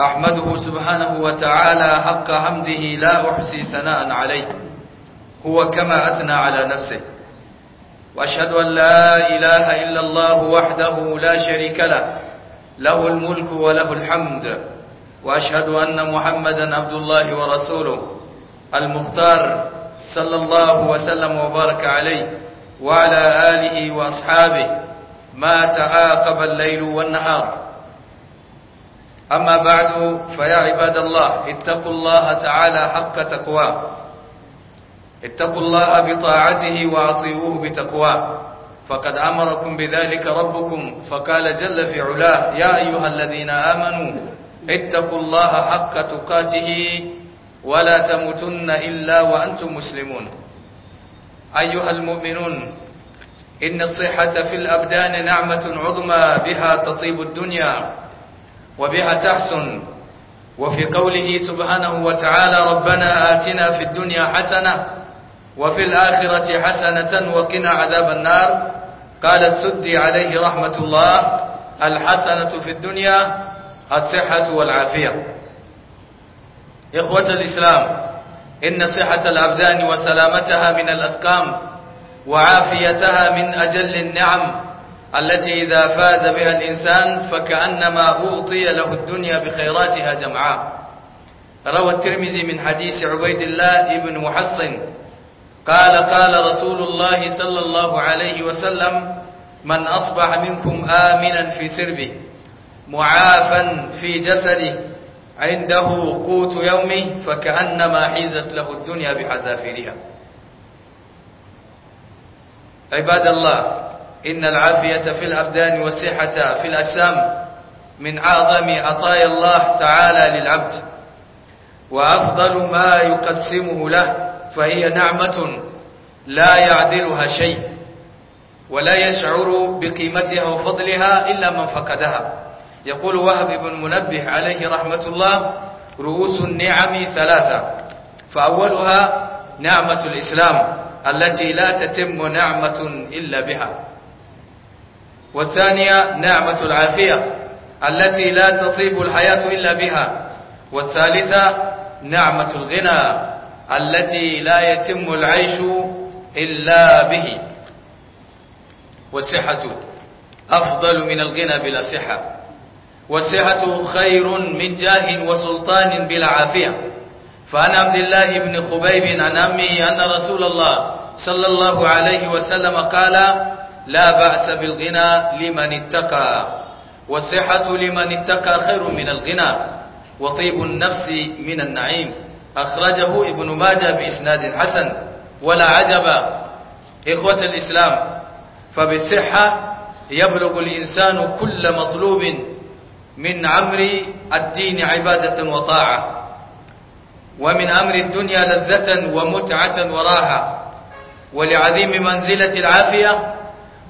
أحمده سبحانه وتعالى حق حمده لا أحصي ثناء عليه هو كما أثنى على نفسه وأشهد أن لا إله إلا الله وحده لا شريك له له الملك وله الحمد وأشهد أن محمدا عبد الله ورسوله المختار صلى الله وسلم وبارك عليه وعلى آله وأصحابه ما تعاقب الليل والنهار أما بعد فيا عباد الله اتقوا الله تعالى حق تقواه اتقوا الله بطاعته وأطيعوه بتقواه فقد أمركم بذلك ربكم فقال جل في علاه يا أيها الذين آمنوا اتقوا الله حق تقاته ولا تموتن إلا وأنتم مسلمون أيها المؤمنون إن الصحة في الأبدان نعمة عظمى بها تطيب الدنيا وبها تحسن وفي قوله سبحانه وتعالى ربنا آتنا في الدنيا حسنة وفي الآخرة حسنة وقنا عذاب النار قال السدي عليه رحمة الله الحسنة في الدنيا الصحة والعافية إخوة الإسلام إن صحة الأبدان وسلامتها من الأسقام وعافيتها من أجل النعم التي إذا فاز بها الإنسان فكأنما أوطي له الدنيا بخيراتها جمعاء روى الترمذي من حديث عبيد الله بن محصن قال قال رسول الله صلى الله عليه وسلم من أصبح منكم آمنا في سربه معافا في جسده عنده قوت يومه فكأنما حيزت له الدنيا بحذافيرها عباد الله إن العافية في الأبدان والصحة في الأجسام من أعظم عطايا الله تعالى للعبد وأفضل ما يقسمه له فهي نعمة لا يعدلها شيء ولا يشعر بقيمتها وفضلها إلا من فقدها يقول وهب بن منبه عليه رحمة الله رؤوس النعم ثلاثة فأولها نعمة الإسلام التي لا تتم نعمة إلا بها والثانية نعمة العافية التي لا تطيب الحياة إلا بها والثالثة نعمة الغنى التي لا يتم العيش إلا به والصحة أفضل من الغنى بلا صحة والصحة خير من جاه وسلطان بلا عافية فعن عبد الله بن خبيب عن أمه أن رسول الله صلى الله عليه وسلم قال لا بأس بالغنى لمن اتقى والصحة لمن اتقى خير من الغنى وطيب النفس من النعيم أخرجه ابن ماجه بإسناد حسن ولا عجب إخوة الإسلام فبالصحة يبلغ الإنسان كل مطلوب من عمر الدين عبادة وطاعة ومن أمر الدنيا لذة ومتعة وراحة ولعظيم منزلة العافية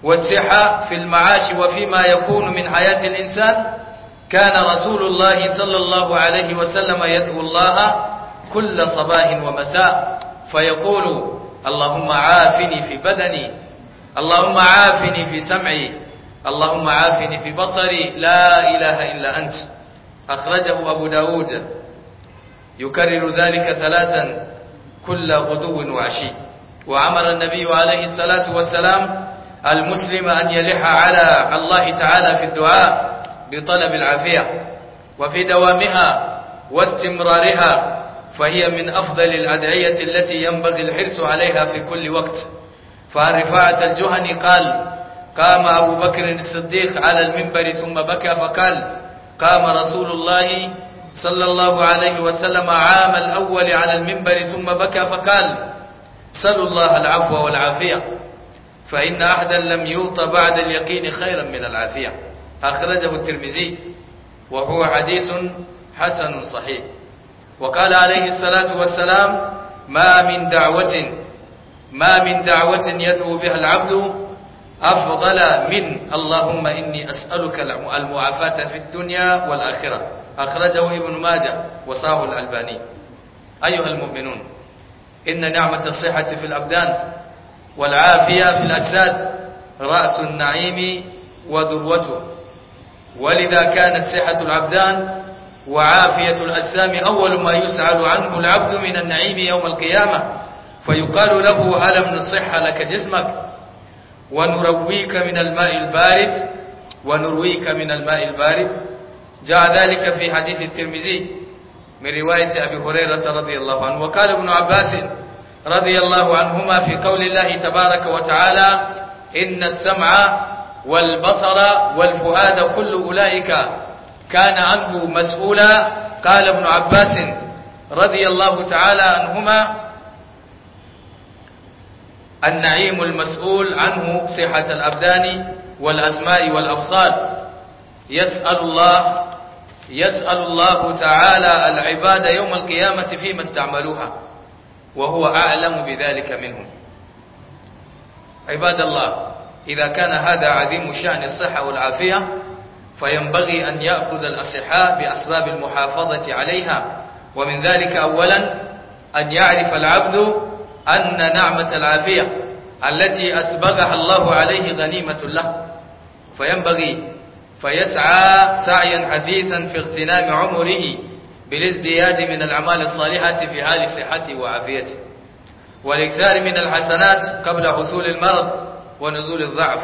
والصحة في المعاش وفيما يكون من حياة الإنسان كان رسول الله صلى الله عليه وسلم يدعو الله كل صباح ومساء فيقول اللهم عافني في بدني اللهم عافني في سمعي اللهم عافني في بصري لا إله إلا أنت أخرجه أبو داود يكرر ذلك ثلاثا كل غدو وعشي وعمر النبي عليه الصلاة والسلام المسلم أن يلح على الله تعالى في الدعاء بطلب العافية وفي دوامها واستمرارها فهي من أفضل الأدعية التي ينبغي الحرص عليها في كل وقت فعن رفاعة الجهني قال قام أبو بكر الصديق على المنبر ثم بكى فقال قام رسول الله صلى الله عليه وسلم عام الأول على المنبر ثم بكى فقال سلوا الله العفو والعافية فإن أحدا لم يوط بعد اليقين خيرا من العافية أخرجه الترمذي وهو حديث حسن صحيح وقال عليه الصلاة والسلام ما من دعوة ما من دعوة يدعو بها العبد أفضل من اللهم إني أسألك المعافاة في الدنيا والآخرة أخرجه ابن ماجه وصاه الألباني أيها المؤمنون إن نعمة الصحة في الأبدان والعافية في الأجساد رأس النعيم وذروته ولذا كانت صحة العبدان وعافية الأجسام أول ما يسأل عنه العبد من النعيم يوم القيامة فيقال له ألم نصح لك جسمك ونرويك من الماء البارد ونرويك من الماء البارد جاء ذلك في حديث الترمذي من رواية أبي هريرة رضي الله عنه وقال ابن عباس رضي الله عنهما في قول الله تبارك وتعالى إن السمع والبصر والفؤاد كل أولئك كان عنه مسؤولا قال ابن عباس رضي الله تعالى عنهما النعيم المسؤول عنه صحة الأبدان والأسماء والأبصار يسأل الله يسأل الله تعالى العباد يوم القيامة فيما استعملوها وهو أعلم بذلك منهم عباد الله إذا كان هذا عظيم شأن الصحة والعافية فينبغي أن يأخذ الأصحاء بأسباب المحافظة عليها ومن ذلك أولا أن يعرف العبد أن نعمة العافية التي أسبغها الله عليه غنيمة له فينبغي فيسعى سعيا عزيزا في اغتنام عمره بالازدياد من الأعمال الصالحة في حال صحته وعافيته والإكثار من الحسنات قبل حصول المرض ونزول الضعف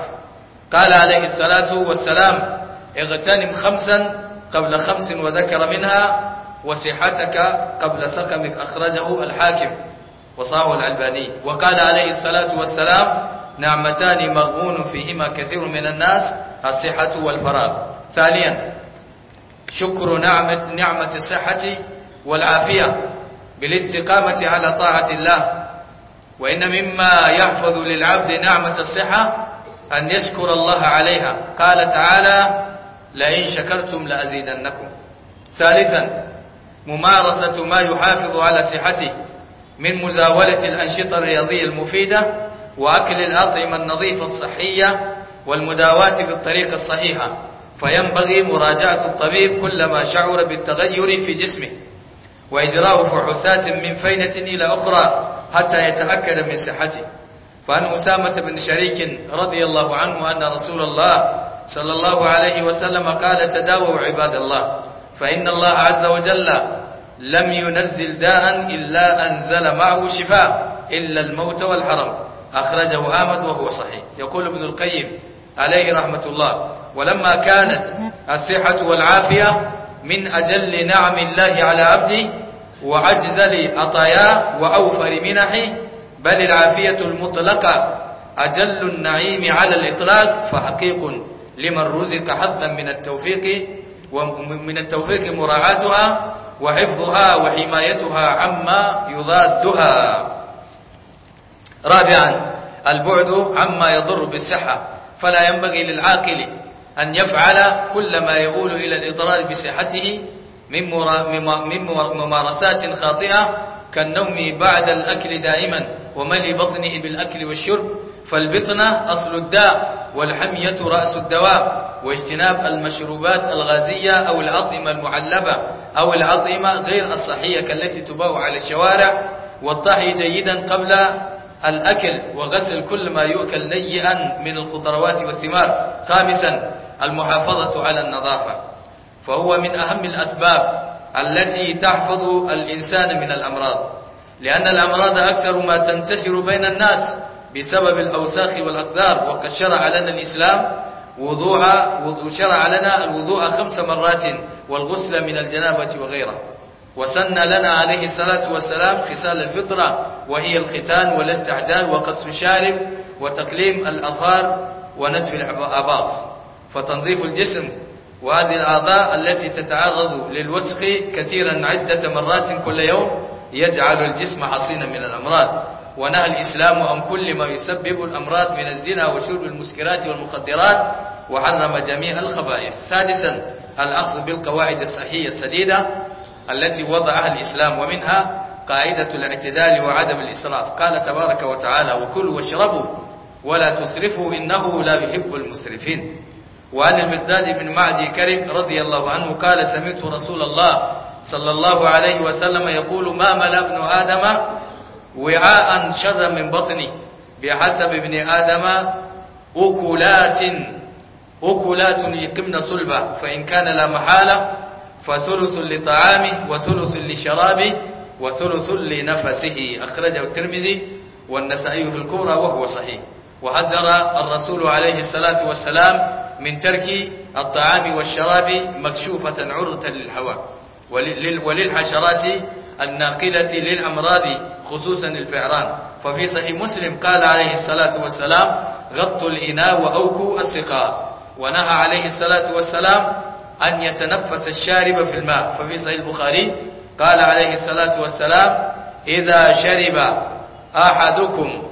قال عليه الصلاة والسلام اغتنم خمسا قبل خمس وذكر منها وصحتك قبل سقمك أخرجه الحاكم وصاه العلباني وقال عليه الصلاة والسلام نعمتان مغبون فيهما كثير من الناس الصحة والفراغ ثانيا شكر نعمة, نعمة الصحة والعافية بالاستقامة على طاعة الله وإن مما يحفظ للعبد نعمة الصحة أن يشكر الله عليها قال تعالى لئن شكرتم لأزيدنكم ثالثا ممارسة ما يحافظ على صحته من مزاولة الأنشطة الرياضية المفيدة وأكل الأطعمة النظيفة الصحية والمداواة بالطريقة الصحيحة فينبغي مراجعة الطبيب كلما شعر بالتغير في جسمه وإجراء فحوصات من فينة إلى أخرى حتى يتأكد من صحته فعن أسامة بن شريك رضي الله عنه أن رسول الله صلى الله عليه وسلم قال تداووا عباد الله فإن الله عز وجل لم ينزل داء إلا أنزل معه شفاء إلا الموت والحرم أخرجه آمد وهو صحيح يقول ابن القيم عليه رحمة الله ولما كانت الصحة والعافية من أجل نعم الله على عبده وعجزل أطاياه وأوفر منحه بل العافية المطلقة أجل النعيم على الإطلاق فحقيق لمن رزق حظا من التوفيق ومن التوفيق مراعاتها وحفظها وحمايتها عما يضادها رابعا البعد عما يضر بالصحة فلا ينبغي للعاقل أن يفعل كل ما يؤول إلى الإضرار بصحته من ممارسات خاطئة كالنوم بعد الأكل دائما وملي بطنه بالأكل والشرب فالبطنة أصل الداء والحمية رأس الدواء واجتناب المشروبات الغازية أو الأطعمة المعلبة أو الأطعمة غير الصحية كالتي تباع على الشوارع والطهي جيدا قبل الأكل وغسل كل ما يؤكل نيئا من الخضروات والثمار خامسا المحافظة على النظافة فهو من أهم الأسباب التي تحفظ الإنسان من الأمراض لأن الأمراض أكثر ما تنتشر بين الناس بسبب الأوساخ والأقذار وقد شرع لنا الإسلام وضوء وضوء شرع لنا الوضوء خمس مرات والغسل من الجنابة وغيره وسن لنا عليه الصلاة والسلام خصال الفطرة وهي الختان والاستعداد وقص الشارب وتقليم الأظهار ونتف الأباط فتنظيف الجسم وهذه الأعضاء التي تتعرض للوسخ كثيرا عدة مرات كل يوم يجعل الجسم حصينا من الأمراض ونهى الإسلام عن كل ما يسبب الأمراض من الزنا وشرب المسكرات والمخدرات وحرم جميع الخبائث سادسا الأخذ بالقواعد الصحية السديدة التي وضعها الإسلام ومنها قاعدة الاعتدال وعدم الإسراف قال تبارك وتعالى وكلوا واشربوا ولا تسرفوا إنه لا يحب المسرفين وعن المقداد بن معدي كريم رضي الله عنه قال سمعت رسول الله صلى الله عليه وسلم يقول ما ملأ ابن آدم وعاء شذا من بطنه بحسب ابن آدم أكلات أكلات يقمن صلبة فإن كان لا محالة فثلث لطعامه وثلث لشرابه وثلث لنفسه أخرجه الترمذي والنسائي في الكبرى وهو صحيح وحذر الرسول عليه الصلاة والسلام من ترك الطعام والشراب مكشوفة عرة للهواء وللحشرات الناقلة للأمراض خصوصا الفعران ففي صحيح مسلم قال عليه الصلاة والسلام غط الإناء وأوكوا السقاء ونهى عليه الصلاة والسلام أن يتنفس الشارب في الماء ففي صحيح البخاري قال عليه الصلاة والسلام إذا شرب أحدكم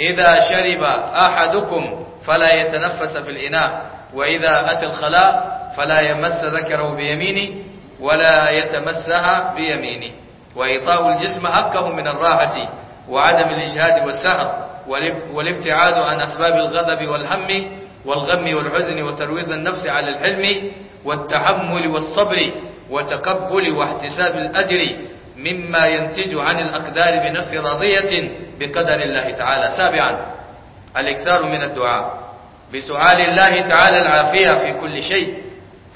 إذا شرب أحدكم فلا يتنفس في الإناء وإذا أتى الخلاء فلا يمس ذكره بيمينه ولا يتمسها بيمينه وإيطاء الجسم حقه من الراحة وعدم الإجهاد والسهر والابتعاد عن أسباب الغضب والهم والغم والحزن وترويض النفس على الحلم والتحمل والصبر وتقبل واحتساب الأجر مما ينتج عن الأقدار بنفس راضية بقدر الله تعالى سابعا الإكثار من الدعاء بسؤال الله تعالى العافية في كل شيء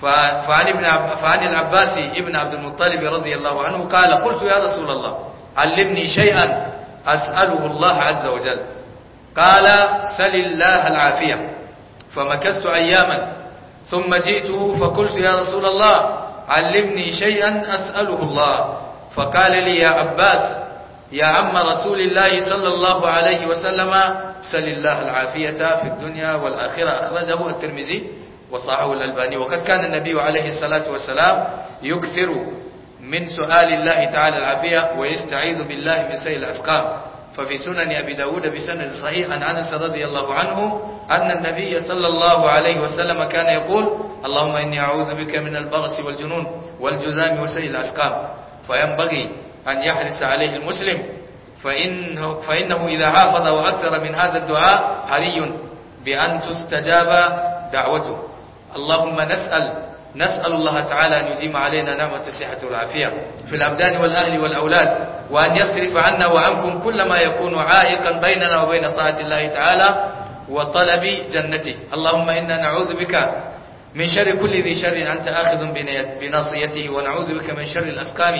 فعن, ابن عب... فعن العباس ابن عبد المطلب رضي الله عنه قال قلت يا رسول الله علمني شيئا أسأله الله عز وجل قال سل الله العافية فمكثت أياما ثم جئته فقلت يا رسول الله علمني شيئا أسأله الله فقال لي يا عباس يا عم رسول الله صلى الله عليه وسلم سل الله العافية في الدنيا والآخرة أخرجه الترمذي وصاحه الألباني وقد كان النبي عليه الصلاة والسلام يكثر من سؤال الله تعالى العافية ويستعيذ بالله من سيء الأسقام ففي سنن أبي داود بسند صحيح عن أنس رضي الله عنه أن النبي صلى الله عليه وسلم كان يقول اللهم إني أعوذ بك من البغس والجنون والجزام وسيء الأسقام فينبغي أن يحرص عليه المسلم فإنه, فإنه إذا حافظ وأكثر من هذا الدعاء حري بأن تستجاب دعوته اللهم نسأل نسأل الله تعالى أن يديم علينا نعمة الصحة والعافية في الأبدان والأهل والأولاد وأن يصرف عنا وعنكم كل ما يكون عائقا بيننا وبين طاعة الله تعالى وطلب جنته اللهم إنا نعوذ بك من شر كل ذي شر أنت آخذ بناصيته ونعوذ بك من شر الأسقام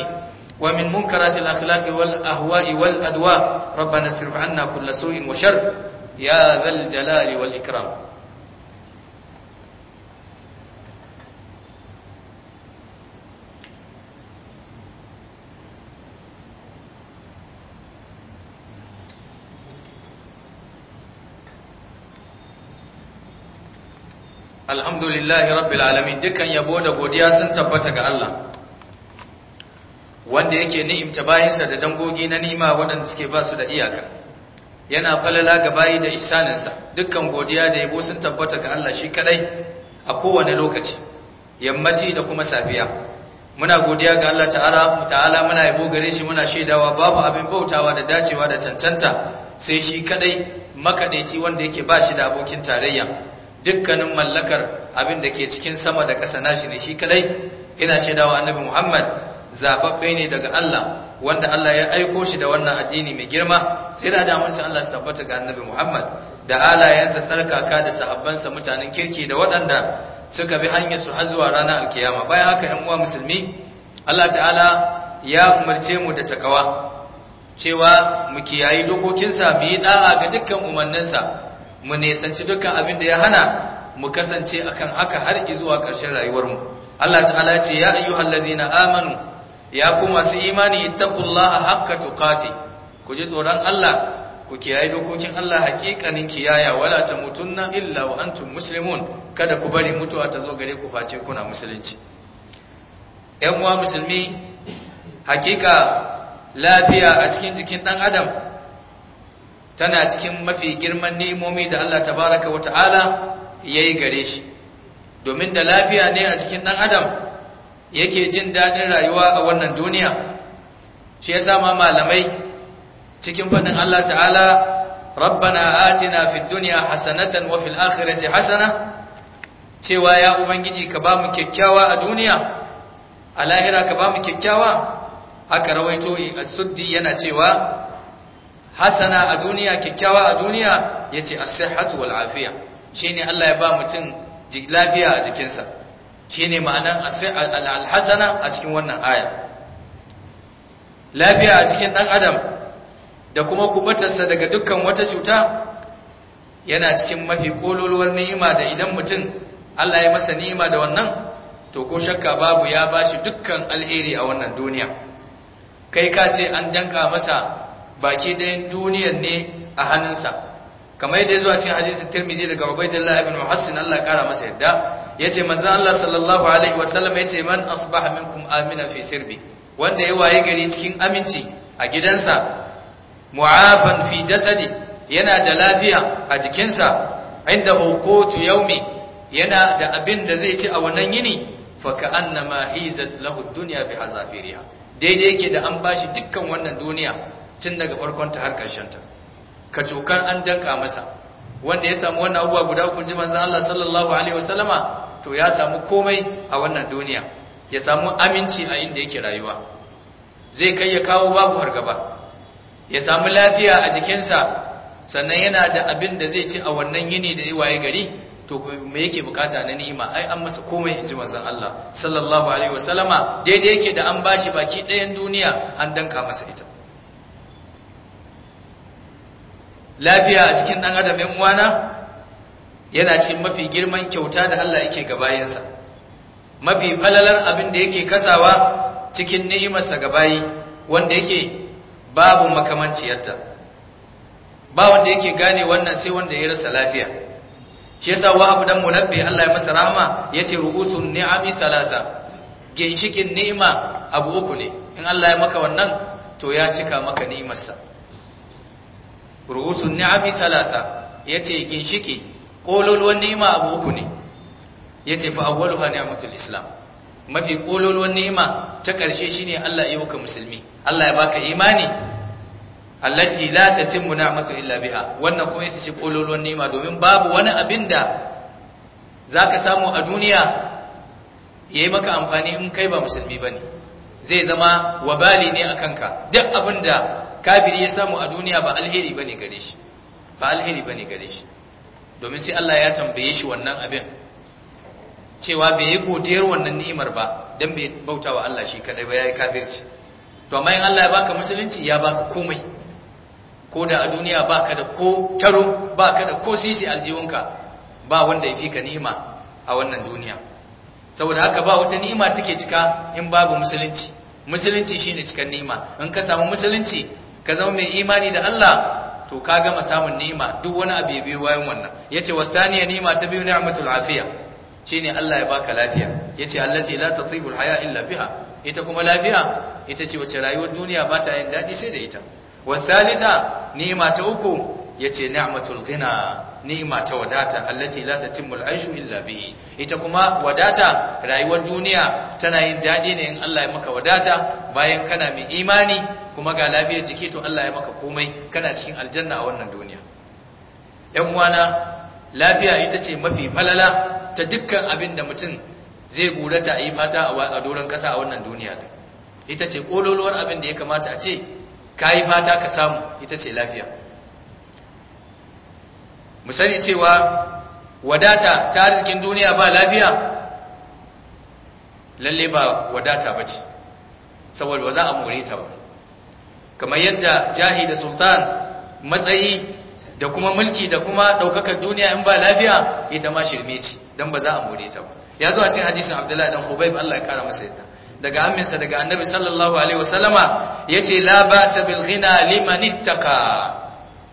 ومن منكرات الأخلاق والأهواء والأدواء ربنا اصرف عنا كل سوء وشر يا ذا الجلال والإكرام alhamdulillah rabbil alamin dukkan yabo da godiya sun tabbata ga Allah wanda yake ni'imta bayinsa da dangogi na nima waɗanda suke ba su da iyaka yana falala ga bayi da isaninsa. dukkan godiya da yabo sun tabbata ga Allah shi kadai a kowane lokaci yammaci da kuma safiya muna godiya ga Allah ta'ala ta'ala muna yabo gare shi muna shaidawa babu abin bautawa da dacewa da cancanta sai shi kadai makaɗaici wanda yake ba shi da abokin tarayya dukkanin mallakar abin da ke cikin sama da ƙasa nashi ne shi kadai ina shaidawa annabi Muhammad zababbe ne daga Allah wanda Allah ya aiko shi da wannan addini mai girma sai da damuncin Allah su tabbata ga annabi Muhammad da alayensa tsarkaka da sahabbansa mutanen kirki da waɗanda suka bi hanyar su har zuwa ranar alkiyama bayan haka yan uwa musulmi Allah ta'ala ya umarce mu da takawa cewa mu kiyayi dokokinsa mu yi da'a ga dukkan umarninsa mu nesanci dukkan abin da ya hana mu kasance akan haka har zuwa ƙarshen rayuwarmu Allah ta'ala ce ya ayyuhal ladina amanu ya ku masu imani ittaqullaha haqqa tuqati ku ji tsoron Allah ku kiyaye dokokin Allah haƙiƙanin kiyaya wala tamutunna illa wa antum muslimun kada ku bari mutuwa ta zo gare ku face kuna musulunci ƴan uwa musulmi haƙiƙa lafiya a cikin jikin ɗan adam tana cikin mafi girman ni'imomi da Allah tabaraka wa ta'ala yayi gare shi domin da lafiya ne a cikin dan adam yake jin dadin rayuwa a wannan duniya shi yasa ma malamai cikin fadin Allah ta'ala rabbana atina fid dunya hasanatan wa fil akhirati hasana cewa ya ubangiji ka bamu kyakkyawa a duniya a lahira ka bamu kyakkyawa haka rawaito as-suddi yana cewa hasana a duniya kyakkyawa a duniya yace as-sihhatu wal shi shine Allah ya ba mutum lafiya a jikinsa shine ma'anan al-hasana a cikin wannan aya lafiya a cikin ɗan adam da kuma kubatarsa daga dukkan wata cuta yana cikin mafi ƙololuwar ni'ima da idan mutum Allah ya masa ni'ima da wannan to ko shakka babu ya bashi dukkan alheri a wannan duniya kai ka ce an danka masa baki ɗayan duniyar ne a hannunsa kamar yadda ya zuwa cikin hadisin tirmizi daga ubaidillah ibn muhassin Allah ya kara masa yadda yace manzo Allah sallallahu alaihi wasallam yace man asbaha minkum amina fi sirbi wanda ya waye gari cikin aminci a gidansa mu'afan fi jasadi yana da lafiya a jikinsa inda hukutu yaumi yana da abin da zai ci a wannan yini fa ka'annama hizat lahu dunya bi hazafiriha daidai yake da an bashi dukkan wannan duniya tun daga farkon ta har ƙarshen ta ka cokan an danka masa wanda ya samu wannan abubuwa guda uku ji manzon Allah sallallahu alaihi wasallama to ya samu komai a wannan duniya ya samu aminci a inda yake rayuwa zai kai ya kawo babu hargaba ya samu lafiya a jikinsa sannan yana da abin da zai ci a wannan yini da waye gari to me yake bukata na ni'ima ai an masa komai in ji manzon Allah sallallahu alaihi wasallama daidai yake da an bashi baki ɗayan duniya an danka masa ita lafiya a cikin dan adam yan uwana yana cikin mafi girman kyauta da Allah yake ga bayinsa mafi falalar abin da yake kasawa cikin ni'imarsa ga bayi wanda yake babu makamanciyarta ba wanda yake gane wannan sai wanda ya rasa lafiya shi yasa wa abu dan munabbi Allah ya masa rahama yace ru'usun ni'ami salasa ginshikin ni'ima abu uku ne in Allah ya maka wannan to ya cika maka ni'imarsa ru'usun ni'ami talata yace ginshiki kololuwan ni'ima abu uku ne yace fa awwaluha ni'matul islam mafi kololuwan ni'ima ta karshe shine Allah ya huka musulmi Allah ya baka imani allati la tatimmu ni'matu illa biha wannan kuma ita ce kololuwan ni'ima domin babu wani abin da zaka samu a duniya yayi maka amfani in kai ba musulmi bane zai zama wabali ne a kanka duk abinda kafiri ya samu a duniya ba alheri bane gare shi ba alheri bane gare shi domin sai Allah ya tambaye shi wannan abin cewa bai yi godiyar wannan ni'imar ba dan bai bauta wa Allah shi kadai ba yayi kafirci to amma in Allah ya baka musulunci ya baka komai ko da a duniya baka da ko taro baka da ko sisi aljihunka ba wanda ya ka ni'ima a wannan duniya saboda haka ba wata ni'ima take cika in babu musulunci musulunci shine cikan ni'ima in ka samu musulunci ka zama mai imani da Allah to ka gama samun ni'ima duk wani abu ya biyo bayan wannan yace wasaniya ni'ima ta biyu ni'matul afiya shine Allah ya baka lafiya yace allati la tatibul haya illa biha ita kuma lafiya ita ce wacce rayuwar duniya ba ta yin dadi sai da ita wasalita ni'ima ta uku yace ni'matul ghina ni'ima ta wadata allati la tatimul aishu illa bihi ita kuma wadata rayuwar duniya tana yin dadi ne in Allah ya maka wadata bayan kana mai imani kuma ga lafiyar jiki to Allah ya maka komai kana cikin aljanna a wannan duniya yan uwana lafiya ita ce mafi falala ta dukkan abin da mutum zai gura ta yi fata a doron kasa a wannan duniya ita ce kololuwar abin da ya kamata a ce ka yi fata ka samu ita ce lafiya mu sani cewa wadata ta arzikin duniya ba lafiya lalle ba wadata ba ce saboda ba za a more ta ba kamar yadda jahi da sultan matsayi da kuma mulki da kuma daukakar duniya in ba lafiya ita ma shirme ce dan ba za a more ta ba ya zo a cikin hadisin abdullahi dan hubayb Allah ya kara masa yadda daga aminsa daga annabi sallallahu alaihi wasallama yace la sa bil ghina liman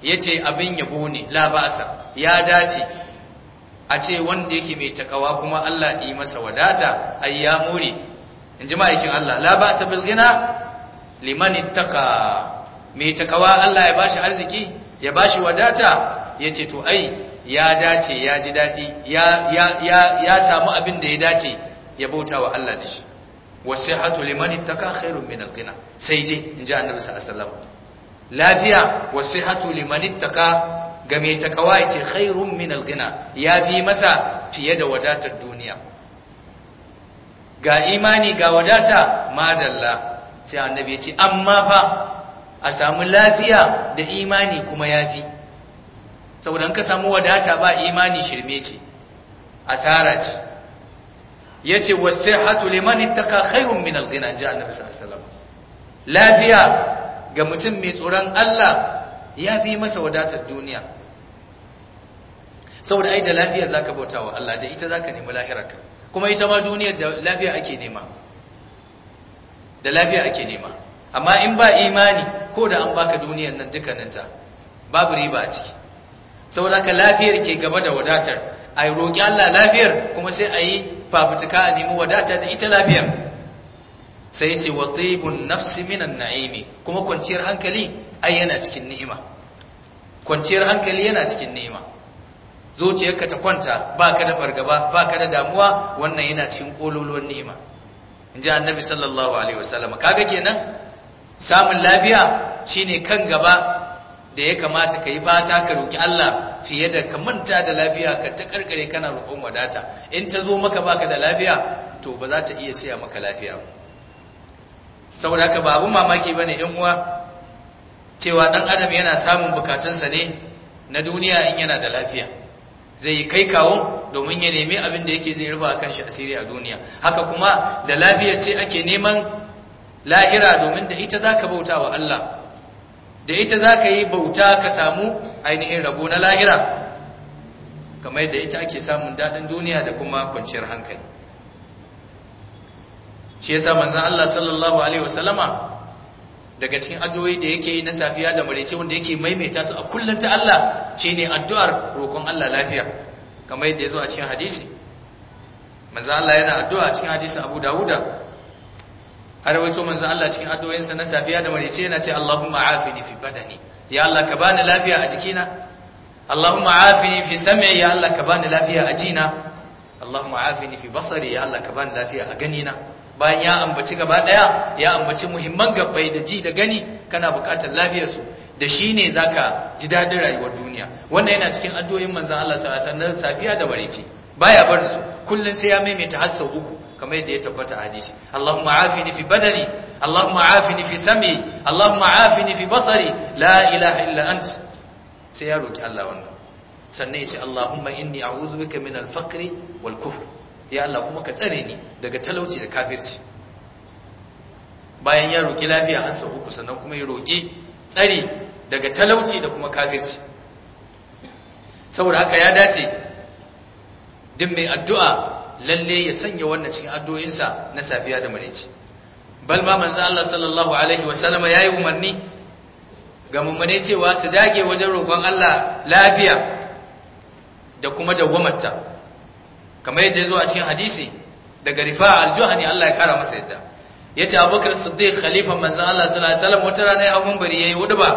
yace abin yabo ne la sa ya dace a ce wanda yake mai takawa kuma Allah yi masa wadata ai ya more in ji ma'aikin Allah la sa bil ghina liman ittaqa mai takawa Allah ya bashi arziki ya bashi wadata ce to ai ya dace ya ji daɗi, ya ya ya ya samu abin da ya dace ya bautawa Allah da shi wasihatu liman ittaqa khairun min alqina sai dai inji annabi sallallahu alaihi wasallam lafiya wasihatu liman ittaqa ga mai takawa yace khairun min alqina ya fi masa fiye da wadatar duniya ga imani ga wadata madalla sai annabi ya ce amma fa a samu lafiya da imani kuma yafi saboda ka samu wadata ba imani shirme ce asara ce yace wasihatu liman ittaqa khairun min al-ghina ja annabi sallallahu alaihi lafiya ga mutum mai tsoron Allah yafi masa wadatar duniya saboda ai da lafiya zaka bautawa Allah da ita ka nemi lahirarka kuma ita ma duniyar da lafiya ake nema da lafiya ake nema amma in ba imani ko da an baka duniyar nan dukkaninta babu riba a ciki saboda ka lafiyar ke gaba da wadatar a roƙi Allah lafiyar kuma sai a yi fafutuka a nemi wadata da ita lafiyar sai ce wa tibun nafsi minan na'imi kuma kwanciyar hankali ai yana cikin ni'ima kwanciyar hankali yana cikin ni'ima zuciyarka ta kwanta ba ka da fargaba ba ka da damuwa wannan yana cikin kololuwar ni'ima In inji annabi sallallahu alaihi wasallam kaga kenan samun lafiya shine kan gaba da ya kamata ka yi fata ka roki Allah fiye da ka manta da lafiya ka ta karkare kana roƙon wadata in ta zo maka baka da lafiya to ba za ta iya siya maka lafiya ba saboda haka ba abun mamaki bane in uwa cewa dan adam yana samun bukatunsa ne na duniya in yana da lafiya zai kai kawo domin ya nemi abin da yake zai rufa kan shi asiri a duniya haka kuma da lafiya ce ake neman lahira domin da ita zaka bauta wa Allah da ita zaka yi bauta ka samu ainihin rabo na lahira kamar da ita ake samun dadin duniya da kuma kwanciyar hankali shi yasa manzon Allah sallallahu alaihi wasallama daga cikin addu'o'i da yake yi na safiya da marece wanda yake maimaita su a kullun ta Allah ne addu'ar roƙon Allah lafiya kamar yadda yazo a cikin hadisi manzo Allah yana addu'a a cikin hadisin Abu Dawuda har wato manzo Allah cikin addu'o'insa na safiya da marece yana ce Allahumma afini fi badani ya Allah ka bani lafiya a jikina Allahumma afini fi sam'i ya Allah ka bani lafiya a jina Allahumma afini fi basari ya Allah ka bani lafiya a ganina bayan ya ambaci gaba daya ya ambaci muhimman gabbai da ji da gani kana bukatar lafiyarsu da shi ne za ka ji daɗin rayuwar duniya wannan yana cikin addu'o'in manzan Allah sannan safiya da warece baya barin su kullum sai ya maimaita har sau uku kamar yadda ya tabbata a hadisi Allahumma afini fi badani Allahumma afini fi sami Allahumma afini fi basari la ilaha illa ant sai ya roki Allah wannan sannan ya ce Allahumma inni a'udhu bika min al-faqri wal kufr ya Allah kuma ka tsare ni daga talauci da kafirci bayan ya roki lafiya an sau uku sannan kuma ya roƙi tsare daga talauci da kuma kafirci saboda haka ya dace duk mai addu'a lalle ya sanya wannan cikin addu'o'insa na safiya da mareci bal ma manzo Allah sallallahu alaihi wa sallama yayi umarni ga mummune cewa su dage wajen roƙon Allah lafiya da kuma dawwamarta kamar yadda ya zo a cikin hadisi daga rifa aljuhani Allah ya kara masa yadda ya ce abubakar siddiq khalifan manzan Allah sallallahu alaihi wasallam wata rana ya abun bari yayi wudu ba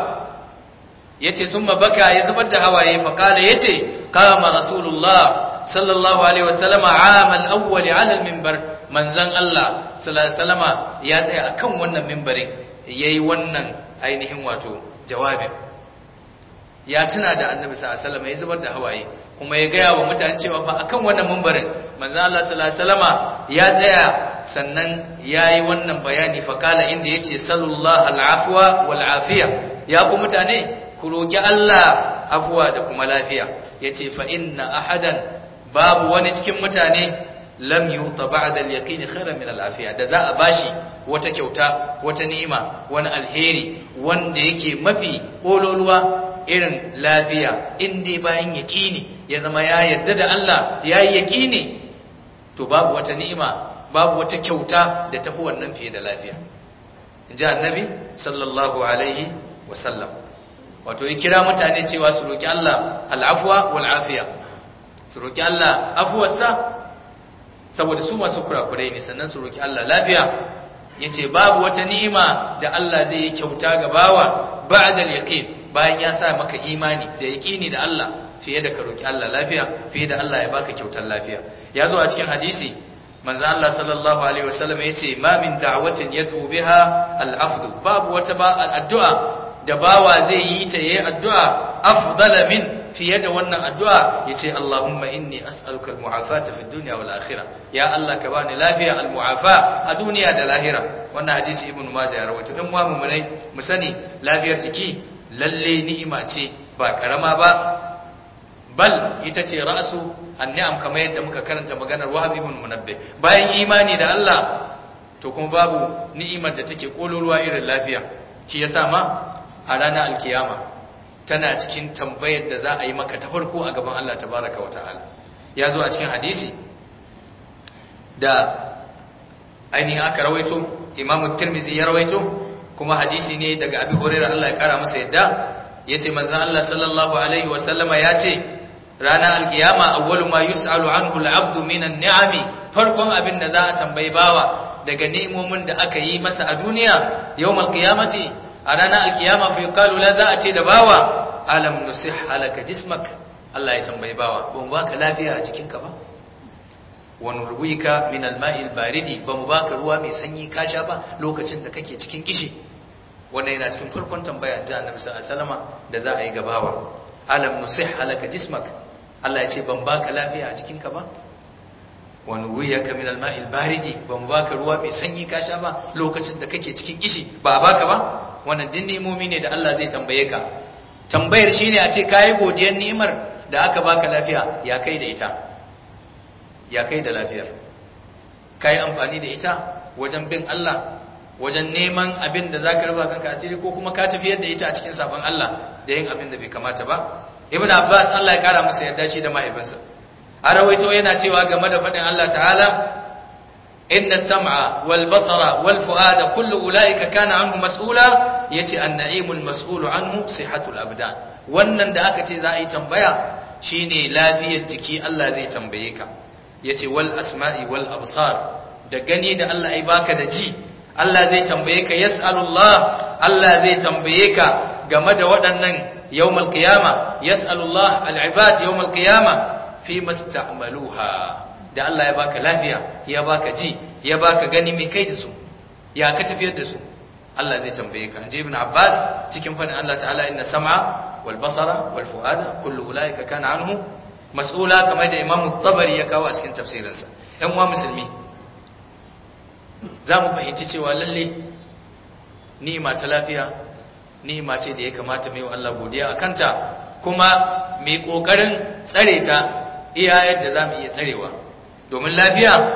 ya ce sun baka ya zubar da hawaye faƙala ya ce kama rasulullah sallallahu alaihi wasallama amal awwal ala al-minbar manzan Allah sallallahu alaihi wasallama ya tsaya akan wannan minbarin yi wannan ainihin wato jawabin ya tuna da annabi sallallahu alaihi wasallama ya zubar da hawaye kuma ya gaya wa mutane cewa ba akan wannan mumbarin manzo Allah sallallahu alaihi ya tsaya sannan yayi wannan bayani fakala inda yace sallallahu al'afwa wal afiya ya ku mutane ku roki Allah afwa da kuma lafiya yace fa inna ahadan babu wani cikin mutane lam yuta ba'da al-yaqin khairan min al-afiya da za a bashi wata kyauta wata ni'ima wani alheri wanda yake mafi kololuwa irin lafiya in dai bayan yaqini ya zama ya yarda da Allah ya yi ne? to babu wata ni'ima babu wata kyauta da tafi wannan fiye da lafiya ji annabi sallallahu alaihi wasallam wato ya kira mutane cewa su Allah al'afwa wal afiya su Allah afuwarsa saboda su masu kurakurai ne sannan su Allah lafiya yace babu wata ni'ima da Allah zai yi kyauta ga bawa ba'da al-yaqin bayan ya sa maka imani da yaqini da Allah fiye da ka roki Allah lafiya fiye da Allah ya baka kyautar lafiya ya zo a cikin hadisi manzo Allah sallallahu alaihi wasallam yace ma min da'watin yad'u biha al-afdu babu wata ba addu'a da bawa zai yi ta yayi addu'a afdala min fiye da wannan addu'a yace Allahumma inni as'aluka al-mu'afata fi dunya wal akhirah ya Allah ka bani lafiya al-mu'afa a duniya da lahira wannan hadisi ibn majah ya rawaito in mu mu sani lafiyar jiki lalle ni'ima ce ba karama ba bal ita ce ra'su annam kamar yadda muka karanta maganar Wahab ibn Munabbih bayan imani da Allah to kuma babu ni'imar da take kololuwa irin lafiya shi yasa ma a ranar alkiyama tana cikin tambayar da za a yi maka ta farko a gaban Allah tabaraka wataala ya zo a cikin hadisi da aini aka rawaito imamu tirmizi ya rawaito kuma hadisi ne daga abi hurairah Allah ya kara masa yadda Ya yace manzon Allah sallallahu alaihi wasallama ya ce ranar alkiyama awwalu ma yus'alu anhu al'abdu minan ni'ami farkon abin da za a tambayi bawa daga ni'imomin da aka yi masa a duniya yawmal qiyamati a ranar alkiyama fa yuqalu la za a ce da bawa alam nusih halaka jismak Allah ya tambayi bawa ban baka lafiya a jikinka ba wa nurwika min al-ma'il baridi ba mu baka ruwa mai sanyi ka sha ba lokacin da kake cikin kishi wannan yana cikin farkon tambaya ji annabi sallallahu alaihi wasallama da za a yi gabawa alam nusih halaka jismak Allah ya ce ban baka lafiya a cikinka ba wani wuya ka min alma'il bariji ban baka ruwa mai sanyi ka sha ba lokacin da kake cikin kishi ba baka ba wannan din ni'imomi ne da Allah zai tambaye ka tambayar shine a ce kai godiyar ni'imar da aka baka lafiya ya kai da ita ya kai da lafiyar kai amfani da ita wajen bin Allah wajen neman abin da zaka raba kanka asiri ko kuma ka tafiyar da ita a cikin sabon Allah da yin abin da bai kamata ba ibn abbas Allah ya kara masa yarda shi da mahaifinsa a rawaito yana cewa game da faɗin Allah ta'ala inna sam'a wal basara wal fu'ada kullu ulaika kana anhu mas'ula yace an-na'imul mas'ulu anhu sihhatul abdan wannan da aka ce za a yi tambaya shine lafiyar jiki Allah zai tambaye ka yace wal asma'i wal absar da gani da Allah ya baka da ji Allah zai tambaye ka yas'alullah Allah zai tambaye ka game da waɗannan يوم القيامة يسأل الله العباد يوم القيامة فيما استعملوها da Allah ya baka lafiya ya baka ji ya baka gani mai kai da ya ka tafiyar da su Allah zai tambaye ka je ibn Abbas cikin fadin Allah ta'ala inna sam'a wal basara wal fu'ada kullu ulaika kana anhu mas'ula kamar da Imam Tabari ya kawo a cikin tafsirinsa ɗan uwa musulmi zamu fahimci cewa lalle ni'ima ta lafiya ni'ima ce da ya kamata mai wa Allah godiya a kanta kuma mai kokarin tsare ta iya yadda za mu iya tsarewa domin lafiya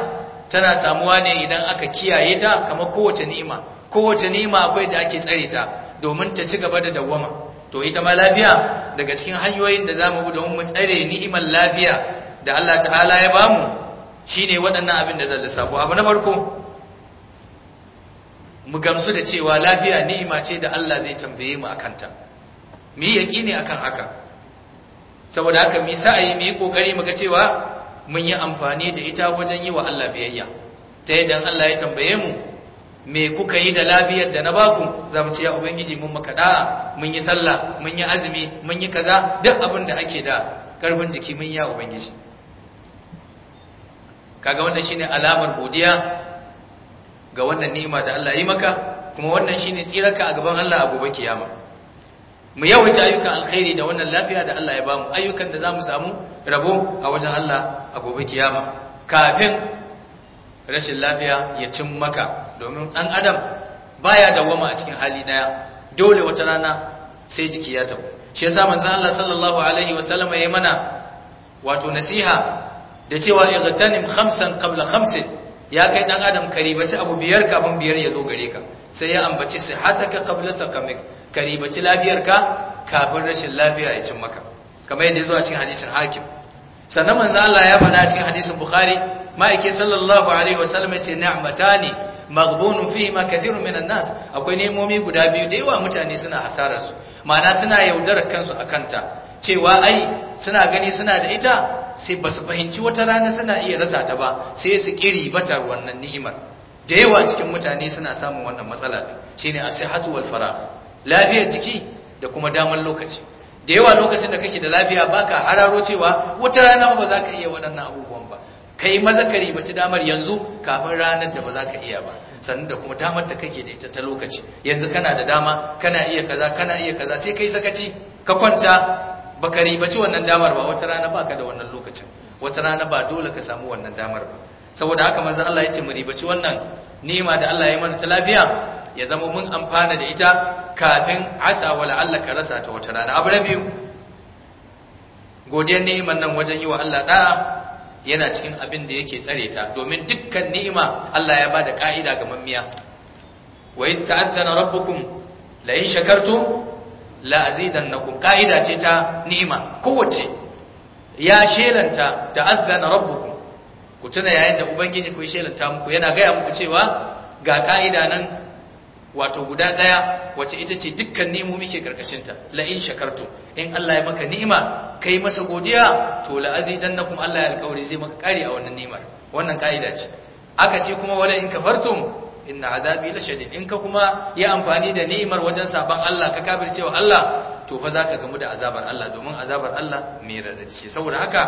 tana samuwa ne idan aka kiyaye ta kamar kowace ni'ima kowace ni'ima akwai da ake tsare ta domin ta ci gaba da dawwama to ita ma lafiya daga cikin hanyoyin da za mu bi domin mu tsare ni'imar lafiya da Allah ta'ala ya bamu shine waɗannan abin da zan lissafo abu na farko mu gamsu da cewa lafiya ni'ima ce da Allah zai tambaye mu akan ta mu yi ne akan haka saboda haka mu sa'ayi mu yi kokari mu ga cewa mun yi amfani da ita wajen yi wa Allah biyayya ta yadda Allah ya tambaye mu me kuka yi da lafiyar da na baku za mu ce ya ubangiji mun maka da'a mun yi sallah mun yi azumi mun yi kaza duk abin da ake da karfin jiki mun ya ubangiji kaga wannan shine alamar godiya ga wannan ni'ima da Allah yi maka kuma wannan shine tsiraka a gaban Allah a gobe kiyama mu yawaita ayyukan alkhairi da wannan lafiya da Allah ya bamu ayyukan da zamu samu rabo a wajen Allah a gobe kiyama kafin rashin lafiya ya cin maka domin dan adam baya dawama a cikin hali daya dole wata rana sai jiki ya tabu shi yasa manzon Allah sallallahu alaihi wasallam yayi mana wato nasiha da cewa igtanim khamsan qabla khamsin ya kai dan adam karibaci abu biyar kafin biyar ya zo gare ka sai ya ambaci su hataka qabla sakamik karibaci lafiyarka kafin rashin lafiya ya cin maka kamar yadda ya zo a cikin hadisin hakim sannan manzo Allah ya faɗa cikin hadisin bukhari ma'aike sallallahu alaihi wasallam ya ce ni'matani maghbun fi ma kathirun an nas akwai nemomi guda biyu da yawa mutane suna hasararsu, su ma'ana suna yaudarar kansu akanta cewa ai suna gani suna da ita sai ba su fahimci wata rana suna iya rasa ta ba sai su kiri bata wannan ni'imar da yawa cikin mutane suna samun wannan matsala shine ne sihhatu wal faragh lafiyar jiki da kuma damar lokaci da yawa lokacin da kake da lafiya baka hararo cewa wata rana ba za ka iya waɗannan abubuwan ba kai mazakari ba ci damar yanzu kafin ranar da ba za ka iya ba sannan da kuma damar da kake da ita ta lokaci yanzu kana da dama kana iya kaza kana iya kaza sai kai sakaci ka kwanta baka ribaci wannan damar ba wata rana baka da wannan lokacin wata rana ba dole ka samu wannan damar ba saboda haka manzo Allah ya ce mu ribaci wannan ni'ima da Allah ya mana ta lafiya ya zama mun amfana da ita kafin asa wala Allah ka rasa ta wata rana abu na biyu godiyar ni'imar nan wajen yi wa Allah da yana cikin abin da yake tsare ta domin dukkan ni'ima Allah ya bada ka'ida ga mammiya wa in ta'azzana rabbukum la in shakartum la azidannakum kaida ce ta ni'ima kowace ya shelanta azzana rabbuku ku tuna yayin da ubangiji ku shelanta muku yana gaya muku cewa ga kaida nan wato guda ɗaya, wace ita ce dukkan nemo muke karkashin la'in shakartu in Allah ya maka ni'ima kai masa godiya to la kuma Allah ya alƙawari zai maka ƙari a wannan ni'imar wannan kaida ce aka ce kuma wani in kafartum inna azabi lashadid in ka kuma yi amfani da ni'imar wajen saban Allah ka kafircewa Allah to fa zaka gamu da azabar Allah domin azabar Allah mai radadi saboda haka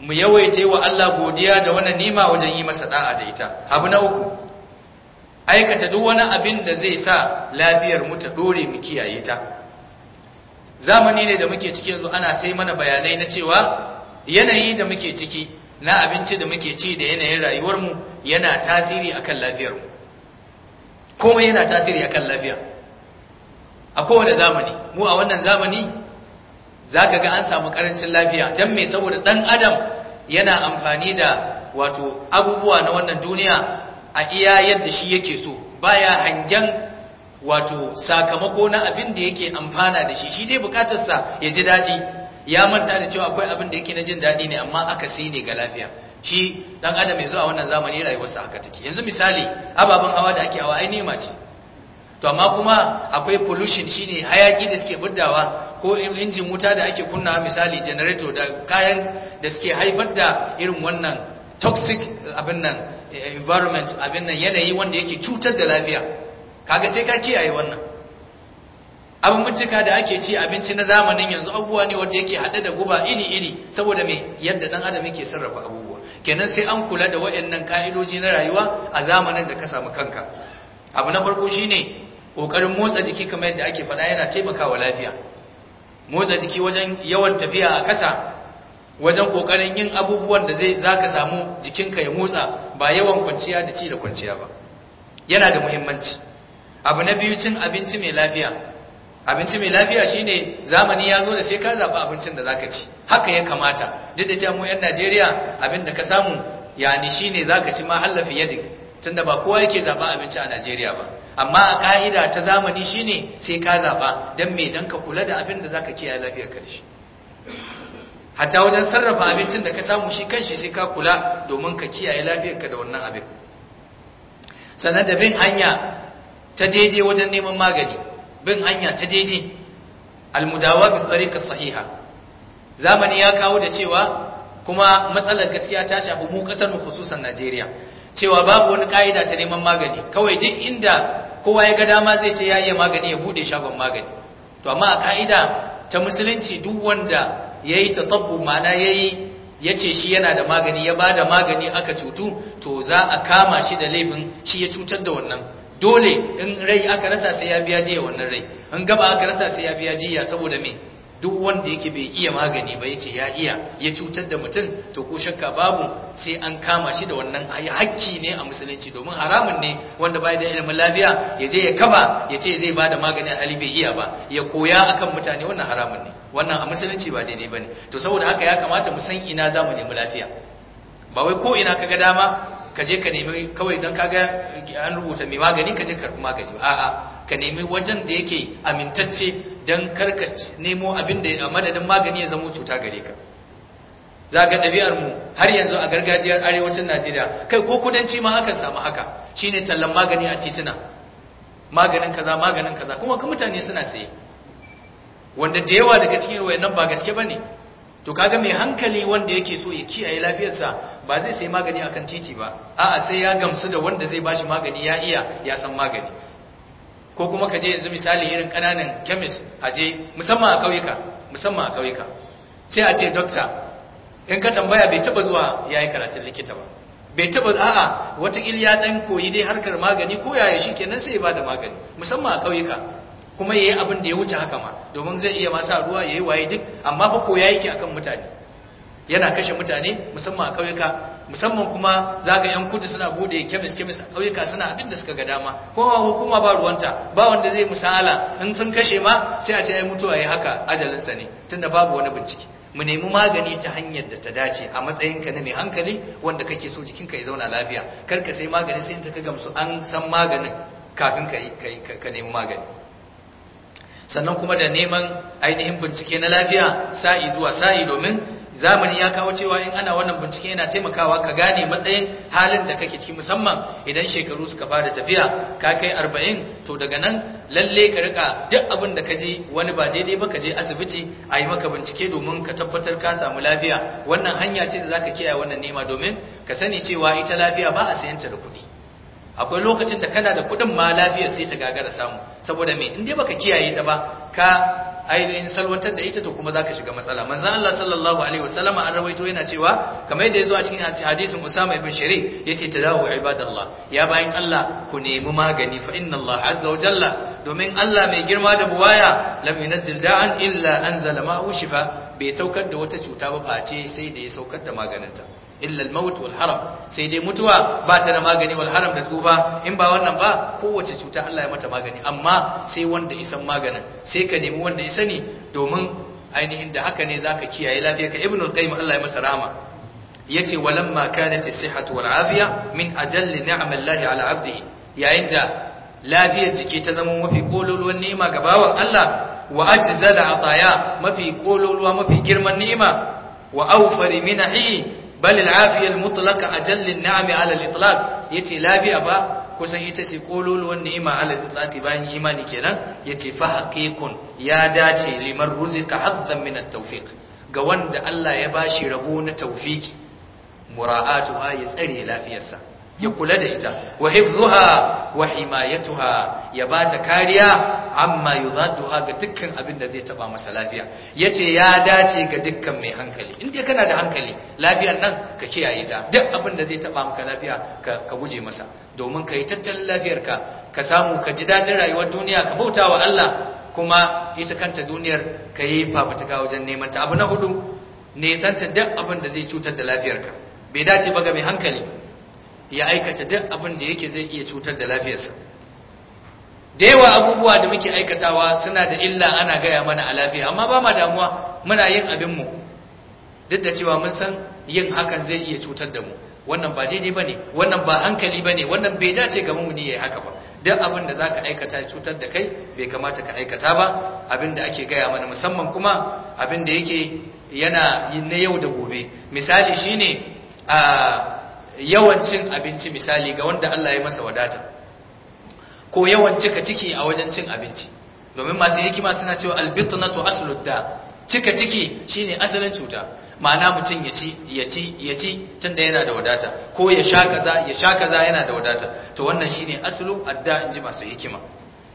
mu yawaite wa Allah godiya da wannan ni'ima wajen yi masa da'a da ita abu na uku aikata duk wani abin da zai sa lafiyar mu ta dore mu kiyaye ta zamani ne da muke ciki yanzu ana ta mana bayanai na cewa yanayi da muke ciki na abinci da muke ci da yanayin rayuwar mu yana tasiri akan lafiyar mu komai yana tasiri akan lafiya a kowane zamani mu a wannan zamani zaka ga an samu karancin lafiya dan me saboda dan adam yana amfani da wato abubuwa na wannan duniya a iya yadda shi yake so baya hangen wato sakamako na abin da yake amfana da shi shi dai bukatarsa ya ji daɗi ya manta da cewa akwai abin da yake na jin daɗi ne amma aka sai ne ga lafiya shi dan adam yanzu a wannan zamani rayuwarsa haka take yanzu misali ababen hawa da ake hawa ai nema ce to amma kuma akwai pollution shine hayaki da suke burdawa ko injin wuta da ake kunna misali generator da kayan da suke haifar da irin wannan toxic eh, abin nan eh, environment abin nan yanayi wanda yake cutar da lafiya kaga sai ka kiyaye wannan abincika da ake ci abinci na zamanin yanzu abubuwa ne wanda yake hade da guba iri-iri saboda me yadda dan adam yake sarrafa abu kenan sai an kula da waɗannan ka'idoji na rayuwa a zamanin da ka samu kanka abu na farko shine kokarin motsa jiki kamar yadda ake faɗa yana taimakawa lafiya motsa jiki wajen yawan tafiya a ƙasa wajen kokarin yin abubuwan da zai zaka samu jikinka ya motsa ba yawan kwanciya da ci da kwanciya ba yana da muhimmanci abu na biyu cin abinci mai lafiya abinci mai lafiya shine zamani ya zo da sai ka zaɓi abincin da zaka ci haka ya kamata duk da cewa mu yan Najeriya abinda ka samu yani shine zaka ci ma yadi yadik tunda ba kowa yake zaba abinci a Najeriya ba amma a ka'ida ta zamani shine sai ka zaba dan me dan ka kula da abinda zaka kiyaye lafiyar ka dashi hatta wajen sarrafa abincin da ka samu shi kanshi sai ka kula domin ka kiyaye lafiyar ka da wannan abin sannan da bin hanya ta daidai wajen neman magani bin hanya ta daidai al-mudawa bi tariqa sahiha zamani ya kawo da cewa kuma matsalar gaskiya ta shafi mu kasar mu khususan Najeriya cewa babu wani kaida ta neman magani kawai duk inda kowa ya ga dama zai ce ya iya magani ya bude shagon magani to amma a kaida ta musulunci duk wanda yayi tatabbu mana yayi yace shi yana da magani ya bada magani aka cutu to za a kama shi da laifin shi ya cutar da wannan dole in rai aka rasa sai ya biya jiya wannan rai in gaba aka rasa sai ya biya jiya saboda me duk wanda yake bai iya magani ba yace ya iya ya cutar da mutum to ko shakka babu sai an kama shi da wannan hakki ne a musulunci domin haramun ne wanda bai da ilimin lafiya ya je ya kaba ya ce zai bada magani hali bai iya ba ya koya akan mutane wannan haramun ne wannan a musulunci ba daidai bane to saboda haka ya kamata mu san ina mu nemi lafiya ba wai ko ina kaga dama ka je ka nemi kawai don kaga an rubuta mai magani ka je karɓi magani a'a ka nemi wajen da yake amintacce don karka nemo abin da a madadin magani ya zama cuta gare ka za ga mu har yanzu a gargajiyar arewacin najeriya kai ko kudanci ma akan samu haka shine tallan magani a tituna maganin kaza maganin kaza kuma kuma mutane suna saye wanda da yawa daga cikin wayannan ba gaske bane to kaga mai hankali wanda yake so ya kiyaye lafiyarsa ba zai sai magani akan titi ba a'a sai ya gamsu da wanda zai bashi magani ya iya ya san magani ko kuma ka je yanzu misali irin kananan chemist a je musamman a kauyuka musamman a kauyuka sai a ce doctor in ka tambaya bai taba zuwa yayi karatun likita ba bai taba a'a wata ya ɗan koyi dai harkar magani ko yaya shikenan sai ya bada magani musamman a kauyuka kuma yayi abin da ya wuce haka ma domin zai iya sa ruwa ya yi waye duk amma fa koya yake akan mutane yana kashe mutane musamman a kauyuka musamman kuma zaga yan kudu suna bude kemis kemis a ƙauyuka suna abin da suka ga dama kuma hukuma ba ruwanta ba wanda zai misala in sun kashe ma sai a ce ai mutuwa yi haka ajalinsa ne tunda babu wani bincike mu nemi magani ta hanyar da ta dace a matsayin ka na mai hankali wanda kake so jikinka ya zauna lafiya kar ka sai magani sai in ta ka gamsu an san maganin kafin ka ka nemi magani sannan kuma da neman ainihin bincike na lafiya sa'i zuwa sa'i domin zamani ya kawo cewa in ana wannan bincike yana taimakawa ka gane matsayin halin da kake ciki musamman idan shekaru suka fara tafiya ka kai arba'in to daga nan lalle ka rika duk abin da ka ji wani ba daidai ba ka je asibiti a yi maka bincike domin ka tabbatar ka samu lafiya wannan hanya ce da za ka kiyaye wannan nema domin ka sani cewa ita lafiya ba a sayanta da kuɗi akwai lokacin da kana da kuɗin ma lafiyar sai ta gagara samu saboda me in baka kiyaye ta ba ka ainihin salwantar da ita to kuma zaka shiga matsala manzon Allah sallallahu alaihi wasallama an rawaito yana cewa kamar yadda zo a cikin hadisin Usama ibn Shari yace ibadar ibadallah ya bayin Allah ku nemi magani fa inna Allah azza wa jalla domin Allah mai girma da buwaya lam yunzil da'an illa anzala ma'u shifa bai saukar da wata cuta ba face sai da ya saukar da maganinta illa al-maut wal haram sai dai mutuwa ba ta da magani wal haram da tsufa in ba wannan ba kowace cuta Allah ya mata magani amma sai wanda isan maganin sai ka nemi wanda ya sani domin ainihin da haka ne zaka kiyaye lafiyarka ibnul qayyim Allah ya masa rahama yace walamma kanat as-sihhatu wal afiya min ajalli ni'amillahi ala 'abdihi yayin da lafiyar jiki ta zama mafi kololuwan ni'ima ga bawan Allah wa ajzala ataya mafi kololuwa mafi girman ni'ima wa awfari minahi bal al-afiyal mutlaqa ajallin ni'ami ala al-itlaq yace lafiya ba kusan ita ce kololuwan ni'ima ala al-itlaq kenan yace fa haqiqun ya dace liman ruzika hazzan min at-tawfiq ga wanda Allah ya bashi rabo na tawfiki mura'atuha ya tsare lafiyarsa ya kula da ita wa hifzuha wa himayatuha ya bata kariya amma yuzadduha ga dukkan abin da zai taba masa lafiya yace ya dace ga dukkan mai hankali in dai kana da hankali lafiyar nan ka kiyaye ta duk abin da zai taba maka lafiya ka guje masa domin kayi tattalin lafiyarka ka samu ka ji dadin rayuwar duniya ka bauta wa Allah kuma ita kanta duniyar ka yi fafutuka wajen neman ta abu na hudu ne santa duk abin da zai cutar da lafiyarka bai dace ba ga mai hankali ya aikata duk abin da yake zai iya cutar da lafiyarsa da yawa abubuwa da muke aikatawa suna da illa ana gaya mana a lafiya amma ba ma damuwa muna yin abinmu duk da cewa mun san yin hakan zai iya cutar da mu wannan ba daidai ba ne wannan ba hankali ba ne wannan bai dace ga mu ne ya yi haka ba duk abin da za ka aikata cutar da kai bai kamata ka aikata ba abin da ake gaya mana musamman kuma abin da yake yana na yau da gobe misali shine a ah, yawan cin abinci misali ga wanda Allah ya masa wadata ko yawan cika ciki a wajen cin abinci domin masu hikima suna cewa albitnatu asludda cika ciki shine asalin cuta ma'ana mutum ya ci ya ci ya ci tunda yana da wadata ko ya sha kaza ya sha kaza yana da wadata to wannan shine aslu adda inji masu hikima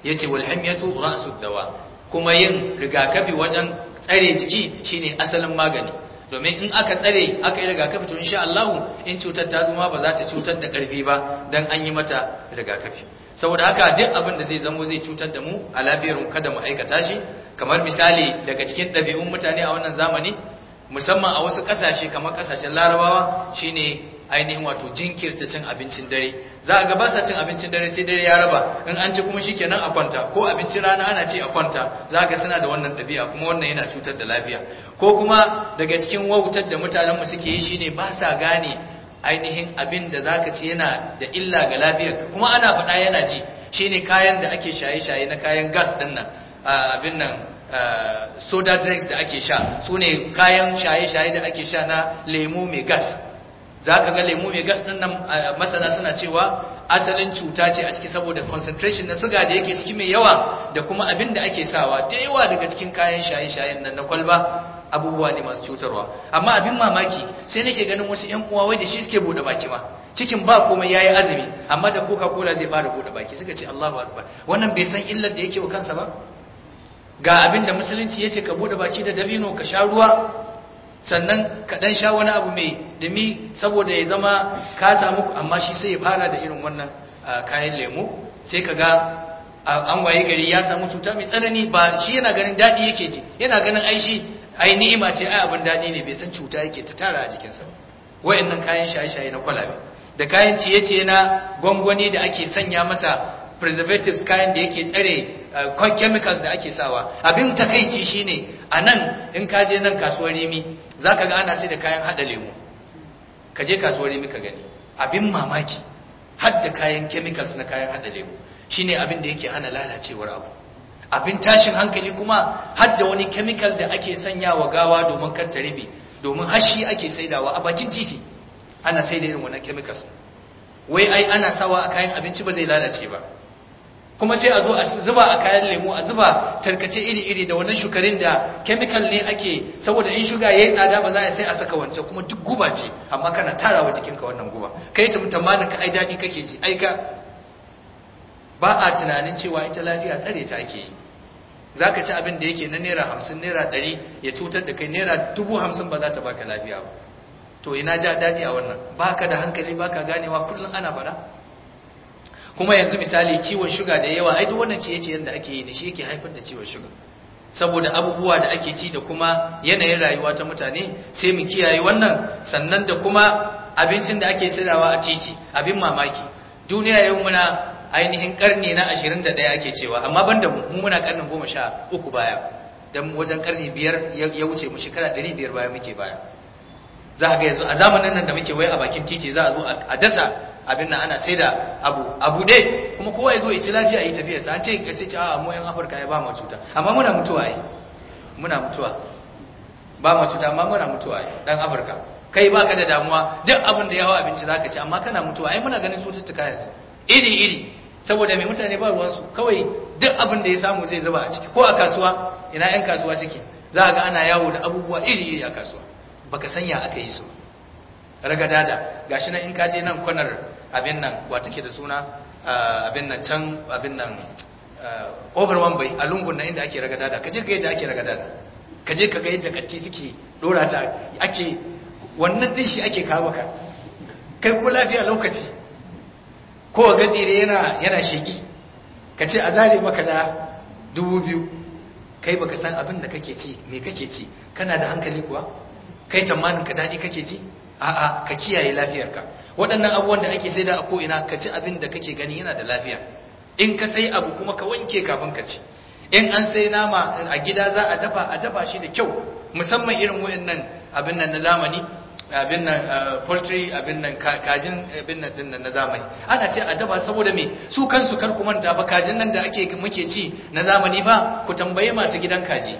yace wal hamiyatu ra'sud dawa kuma yin rigakafi wajen tsare jiki shine asalin magani domin in aka tsare aka yi rigakafi to insha Allah in cutar ta zuma ba za ta cutar da karfi ba dan an yi mata rigakafi saboda haka duk abin da zai zamo zai cutar da mu a lafiyar mu kada mu aikata shi kamar misali daga cikin ɗabi'un mutane a wannan zamani musamman a wasu kasashe kamar kasashen larabawa shine ainihin wato jinkirta cin abincin dare za a gaba sa cin abincin dare sai dare ya raba in an ci kuma shikenan a kwanta ko abincin rana ana ci a kwanta za ga suna da wannan ɗabi'a kuma wannan yana cutar da lafiya ko kuma daga cikin wautar da mutanenmu suke yi shine ba sa gane ainihin abin da ka ci yana da illa ga lafiyarka kuma ana faɗa yana ji shine kayan da ake shaye-shaye na kayan gas ɗin nan abin nan soda drinks da ake sha su kayan shaye-shaye da ake sha na lemo mai gas za ka ga lemu mai gas ɗin nan masana suna cewa asalin cuta ce a ciki saboda concentration na suga da yake ciki mai yawa da kuma abin da ake sawa da yawa daga cikin kayan shaye shayin nan na kwalba abubuwa ne masu cutarwa amma abin mamaki sai nake ganin wasu 'yan uwa wai da shi suke bude baki ma cikin ba komai yayi azumi amma da koka-kola zai fara bude baki suka ce Allahu akbar wannan bai san illar da yake wa kansa ba ga abin da musulunci yace ka bude baki da dabino ka sha ruwa sannan kaɗan sha wani abu mai dumi saboda ya zama ka samu amma shi sai ya fara da irin wannan kayan lemu sai ka ga an waye gari ya samu cuta mai tsanani ba shi yana ganin daɗi yake ji yana ganin ai shi ai ni'ima ce ai abin daɗi ne bai san cuta yake ta tara a jikinsa ba wayannan kayan shaye-shaye na kwalabe da kayan ciye-ciye na gwangwani da ake sanya masa preservatives kayan da yake tsare Eh, chemicals da ake sawa abin takaici shine a nan in ka je nan kasuwar rimi za ka ga ana sai da kayan hada lemu ka je kasuwar rimi ka gani abin mamaki hadda kayan chemicals na kayan hada lemu shine abin da yake hana lalacewar abu abin tashin hankali kuma hadda wani chemical da ake sanyawa gawa domin kar ta domin hashi ake saidawa a bakin titi ana saida irin wannan chemicals wai ai ana sawa a kayan abinci ba zai lalace ba kuma sai a zo a zuba a kayan lemu a zuba tarkace iri-iri da wannan shukarin da kemikal ne ake saboda in shuga yi tsada ba za a sai a saka wancan kuma duk guba ce amma kana tarawa jikinka wannan guba kai ta mutamana ka ai dadi kake ji ai ka ba a tunanin cewa ita lafiya tsare ta ake yi zaka ci abin da yake na naira 50 naira 100 ya cutar da kai naira hamsin ba za ta baka lafiya ba to ina da dadi a wannan baka da hankali baka ganewa kullum ana fada kuma yanzu misali ciwon shuga da yawa ai duk wannan ciye-ciyen da ake yi da shi yake haifar da ciwon shuga saboda abubuwa da ake ci da kuma yanayin rayuwa ta mutane sai mu kiyaye wannan sannan da kuma abincin da ake sayarwa a titi abin mamaki duniya yau muna ainihin karni na 21 ake cewa amma banda mu muna karnin 13 baya dan wajen karni biyar ya wuce mu shekara 500 baya muke baya za a ga yanzu a zamanin nan da muke wai a bakin titi za a zo a dasa abin nan ana sai da abu abu dai kuma kowa ya zo ya ci lafiya yi tafiya sa an ce ka ce a mu yan afirka ya ba mu cuta amma muna mutuwa ai muna mutuwa ba mu cuta amma muna mutuwa ai dan afirka kai baka da damuwa duk abin da yawa abinci zaka ci amma kana mutuwa ai muna ganin cututtuka yanzu iri iri saboda mai mutane ba ruwan su kawai duk abin da ya samu zai zuba a ciki ko a kasuwa ina yan kasuwa suke za ga ana yawo da abubuwa iri iri a kasuwa baka sanya aka yi su ragadada gashi nan in ka je nan kwanar abin nan wa take da suna abin nan can abin nan kofar wambai a lungun na inda ake ragadada kaje ka yadda ake ragadada kaje ka ga yadda katti suke dora ta ake wannan din ake kawo ka kai ko lafiya lokaci ko ga tsire yana yana shegi kace a zare maka da dubu biyu kai baka san abin da kake ci me kake ci kana da hankali kuwa kai tamanin ka dadi kake ci? a'a ka kiyaye lafiyarka waɗannan abubuwan da ake saida a ko'ina ka ci abin da kake gani yana da lafiya in ka sai abu kuma ka wanke kafin ka ci in an sai nama a gida za a dafa a dafa shi da kyau musamman irin waɗannan abin nan na zamani abin nan eh, poultry abin nan kajin abin nan din na zamani ana ce a dafa saboda me su kansu kar ku manta ba kajin nan da ake muke ci na zamani ba ku tambaye masu gidan kaji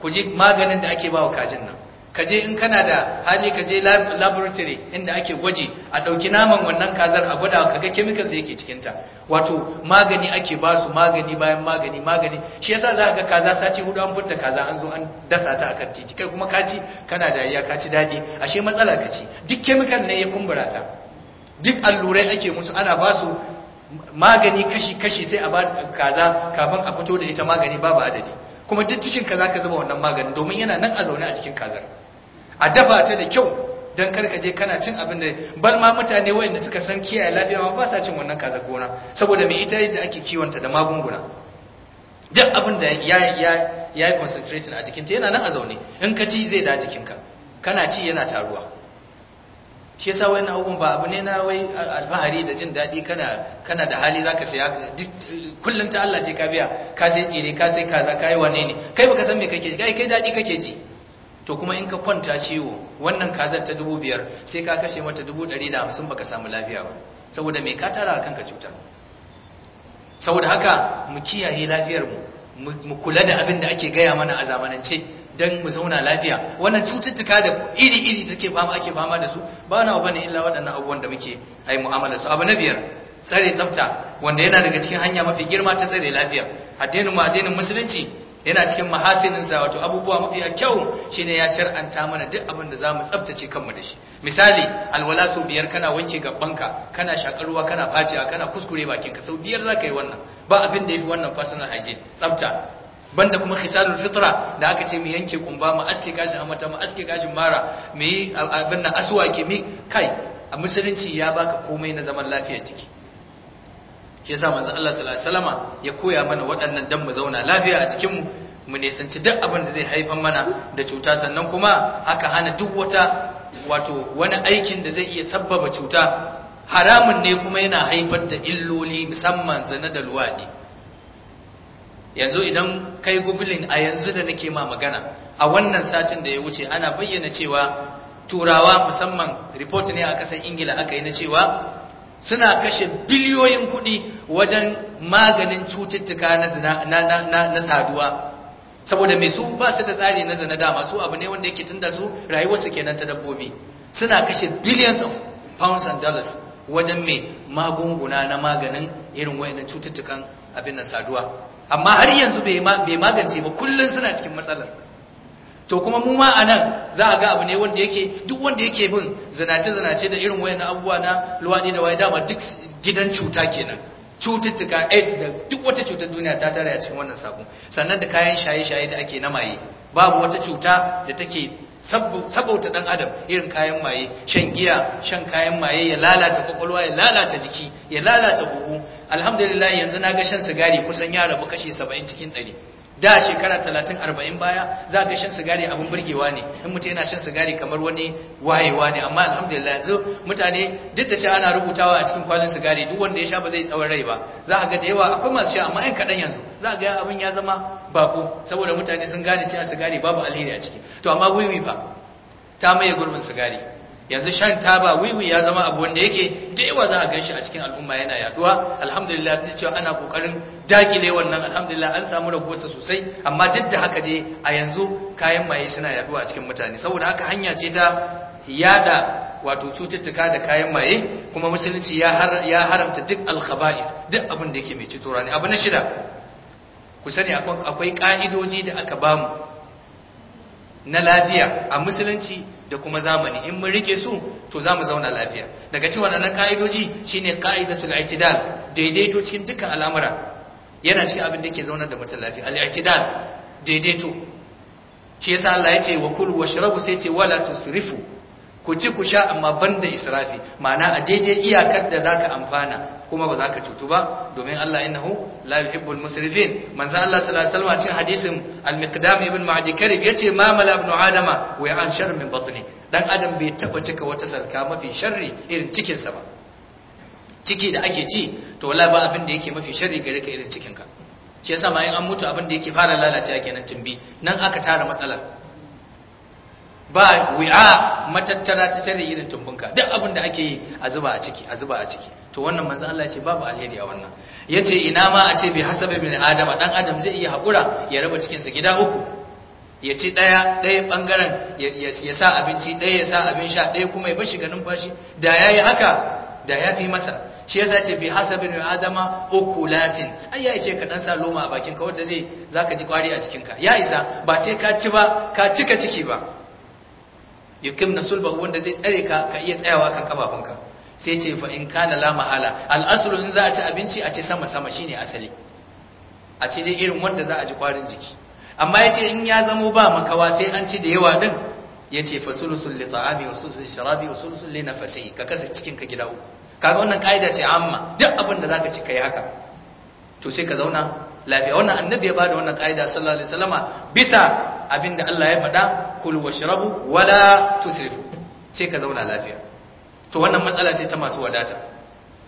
ku ji maganin da ake bawa kajin nan Kaje in kana da hali kaje je laboratory inda ake gwaji a ɗauki naman wannan kazar a gwada kaga chemical da yake cikinta wato magani ake ba su magani bayan magani magani shi yasa za ga kaza sace hudu an furta kaza an zo an dasa ta akan titi kai kuma kaci kana da ya kaci daɗi ashe matsala ka ci duk chemical ne ya kumbura ta duk allurai ake musu ana ba su magani kashi-kashi sai a ba kaza kafin a fito da ita magani babu adadi kuma duk cikin kaza ka zuba wannan magani domin yana nan a zaune a cikin kazar a dafa ta da kyau don karkaje kana cin abin da bal ma mutane wayanda suka san kiyaye lafiya ma ba sa cin wannan kaza gona saboda mai ita yadda ake kiwonta da magunguna duk abin da ya ya ya yi concentrating a jikinta yana nan a zaune in ka ci zai da jikinka kana ci yana taruwa shi yasa wayan abubuwan ba abu ne na wai alfahari da jin daɗi kana kana da hali zaka saya kullum ta Allah ce ka biya ka sai tsire ka sai kaza ka yi wane ne kai baka san me kake kai kai daɗi kake ji to kuma in ka kwanta ciwo wannan kazar ta dubu biyar sai ka kashe mata dubu ɗari da hamsin baka samu lafiya ba saboda mai ka tara kanka cuta saboda haka mu kiyaye lafiyarmu mu kula da abin da ake gaya mana a zamanance don mu zauna lafiya wannan cututtuka da iri-iri suke fama ake fama da su ba na bane illa waɗannan abubuwan da muke ai mu'amala su abu na biyar tsare tsafta wanda yana daga cikin hanya mafi girma ta tsare lafiya addinin mu addinin musulunci yana cikin mahasininsa wato abubuwa mafi kyau shine ya shar'anta mana duk abin da za mu tsaftace kanmu da shi misali alwala sau biyar kana wanke ka kana shakar ruwa kana faciya kana kuskure bakinka sau biyar zaka yi wannan ba abin da yafi wannan personal hygiene tsafta banda kuma khisalul fitra da aka ce mu yanke kumba mu aske gashin amata mu aske gashin mara mu yi abin nan ke mi kai a musulunci ya baka komai na zaman lafiyar jiki shi yasa manzo Allah sallallahu alaihi wasallama ya koya mana waɗannan dan mu zauna lafiya a cikin mu mu nisanci duk abin da zai haifar mana da cuta sannan kuma aka hana duk wata wato wani aikin da zai iya sabbaba cuta haramun ne kuma yana haifar da illoli musamman zina da luwadi yanzu idan kai googling a yanzu da nake ma magana a wannan satin da ya wuce ana bayyana cewa turawa musamman report ne a ƙasar ingila aka yi na cewa suna kashe biliyoyin kuɗi wajen maganin cututtuka na na na na saduwa saboda mai su ba su da tsari na zina dama su abu ne wanda yake tunda su rayuwarsu kenan ta dabbobi suna kashe billions of pounds and dollars wajen mai magunguna na maganin irin wayannan cututtukan abin na saduwa amma har yanzu bai magance ba kullum suna cikin matsalar to kuma mu ma anan za a ga abu ne wanda yake duk wanda yake bin zinace zinace da irin wayannan abubuwa na luwadi da waye dama duk gidan cuta kenan cututtuka AIDS da duk wata cutar duniya ta tare a cikin wannan sako sannan da kayan shaye-shaye da ake na maye babu wata cuta da take saboda dan adam irin kayan maye shan giya shan kayan maye ya lalata kwakwalwa ya lalata jiki ya lalata buhu alhamdulillah yanzu na ga shan sigari kusan ya rabu kashi 70 cikin 100 da shekara talatin 40 baya za ka shan sigari abin burgewa ne in mutu yana shan sigari kamar wani wayewa ne amma alhamdulillah yanzu mutane duk da cewa ana rubutawa a cikin kwalin sigari duk wanda ya sha ba zai tsawon rai ba za a ga da yawa akwai masu sha amma ɗan kaɗan yanzu za a ga abin ya zama bako saboda mutane sun gane cewa sigari babu alheri a ciki to amma wiwi fa ta maye gurbin sigari yanzu shan taba wiwi ya zama abu wanda yake da yawa za a ganshi a cikin al'umma yana yaduwa alhamdulillah duk cewa ana kokarin dakile wannan alhamdulillah an samu ragowarsa sosai amma duk da haka dai a yanzu kayan maye suna yaduwa a cikin mutane saboda haka hanya ce ta yada wato cututtuka da kayan maye kuma musulunci ya haramta duk alkhaba'ir duk abin da yake mai cutura ne abu na shida ku sani akwai ka'idoji da aka bamu na lafiya a musulunci da kuma zamani in mun rike su to za mu zauna lafiya daga cikin na ka'idoji shine ka'idatul i'tidal daidaito cikin dukkan al'amura yana cikin abin da ke zauna da mutum lafiya al daidaito shi yasa Allah ya ce wa kulu washrabu sai ce wala tusrifu ku ci ku sha amma banda israfi ma'ana a daidai iyakar da zaka amfana kuma ba za ka cutu ba domin Allah innahu la yuhibbul musrifin manzo Allah sallallahu alaihi wasallam cikin hadisin al-miqdam ibn ma'adi karib yace ma mala ibn adama wa ya'an shar min batni dan adam bai taba cika wata sarka mafi sharri irin cikin sa ba ciki da ake ci to wallahi ba abin da yake mafi sharri gare ka irin cikin ka shi yasa ma in an mutu abin da yake fara lalacewa kenan tumbi nan aka tara matsalar ba wi'a matattara ta sai da irin tumbunka duk abin da ake yi a zuba a ciki a zuba a ciki to wannan manzo Allah ce babu alheri a wannan yace ina ma a ce bi hasabe bin adam dan adam zai iya hakura ya raba cikin sa gida uku ya ci daya daya bangaren ya sa abinci daya ya sa abin sha daya kuma ya bashi ganin fashi da yayi haka da ya fi masa shi yasa ce bi hasabe bin adama ukulatin ai ya ce ka dan sa loma a bakin ka wanda zai zaka ji kwari a cikin ka ya isa ba sai ka ci ba ka cika ciki ba yukim na sulbahu wanda zai tsare ka ka iya tsayawa kan kafafunka sai ce fa in kana la mahala al'asru in za a ci abinci a ce sama sama shine asali a ce dai irin wanda za a ji kwarin jiki amma yace in ya zamo ba makawa sai an ci da yawa din ce fa sulusul li ta'ami wa sulusul sharabi wa sulusul li nafasi ka kasa cikin ka gida uku kaga wannan kaida ce amma duk abin da zaka ci kai haka to sai ka zauna lafiya wannan annabi ya bada wannan kaida sallallahu alaihi wasallama bisa abinda Allah ya faɗa kul washrabu wala tusrifu sai ka zauna lafiya to wannan matsala ce ta masu wadata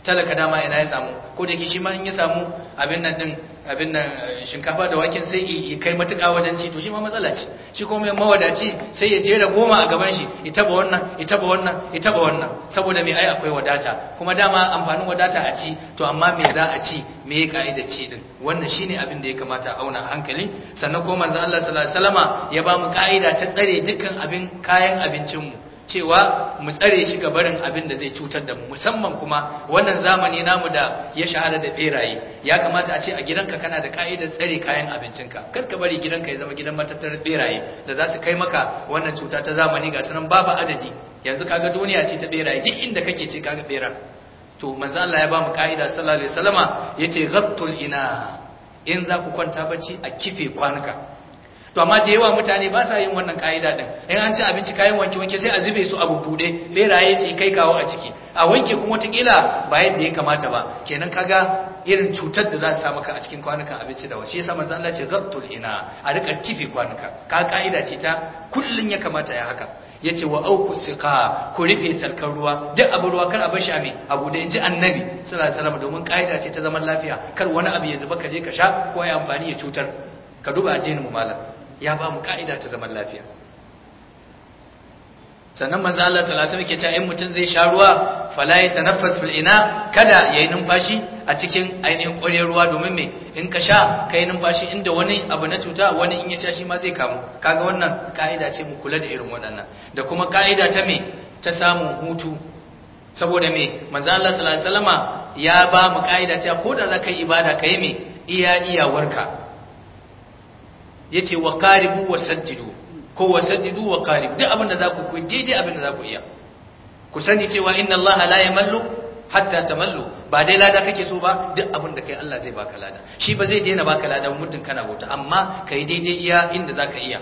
talaka dama ina ya samu ko da ke shi ma in ya samu abin nan din abin nan shinkafa da waken sai ya kai matuƙa wajen ci to shi ma matsala ci. shi kuma mai mawadaci sai ya jera goma a gaban shi ya taba wannan ya taba wannan ya taba wannan saboda mai ai akwai wadata kuma dama amfanin wadata a ci to amma me za a ci me ya ka'ida ci din wannan shi ne abin da ya kamata a auna hankali sannan ko manzo Allah sallallahu alaihi wasallama ya ba mu ka'ida ta tsare dukkan abin kayan abincin mu cewa mu tsare shi ga barin abin da zai cutar da mu musamman kuma wannan zamani namu da ya shahara da beraye ya kamata a ce a gidanka kana da ka'idar tsare kayan abincinka kar ka bari gidanka ya zama gidan matattar beraye da za su kai maka wannan cuta ta zamani ga sunan babu adadi yanzu kaga duniya ce ta beraye duk inda kake ce kaga bera to manzo Allah ya ba mu ka'ida sallallahu alaihi wasallama yace ghattul ina in za ku kwanta bacci a kife kwanuka to amma da yawa mutane ba sa yin wannan ka'ida din in an ci abinci kayan wanke wanke sai a zube su a bubude beraye su kai kawo a ciki a wanke kuma kila ba yadda ya kamata ba kenan kaga irin cutar da za su samu ka a cikin kwanukan abinci da wasu yasa manzo Allah ce ina a rika kife kwanuka ka ka'ida ce ta kullun ya kamata ya haka yace wa auku siqa ku rufe sarkar ruwa duk abu ruwa kar a bar shi a me abu da inji annabi sallallahu alaihi wasallam domin ka'ida ce ta zaman lafiya kar wani abu ya zuba ka je ka sha ko ya amfani ya cutar ka duba addinin mu malam ya ba mu ka'ida ta zaman lafiya sannan manzo Allah sallallahu alaihi wasallam ke cewa in mutum zai sha ruwa fala yatanaffas fil ina kada yayi numfashi a cikin ainihin ƙwaryar ruwa domin me in ka sha kai numfashi inda wani abu na cuta wani in ya sha shi ma zai kamu kaga wannan ka'ida ce mu kula da irin waɗannan da kuma ka'ida ta me ta samun hutu saboda me manzo Allah sallallahu alaihi wasallama ya ba mu ka'ida cewa ko da zaka ibada kai me iya iyawarka yace wa karibu wa saddidu ko wa saddidu wa karibu duk abin za ku ku daidai abin za ku iya ku sani cewa inna allaha la yamallu hatta tamallu ba dai lada kake so ba duk abin da kai Allah zai baka lada shi ba zai daina baka lada mutum kana wuta amma kai daidai iya inda zaka iya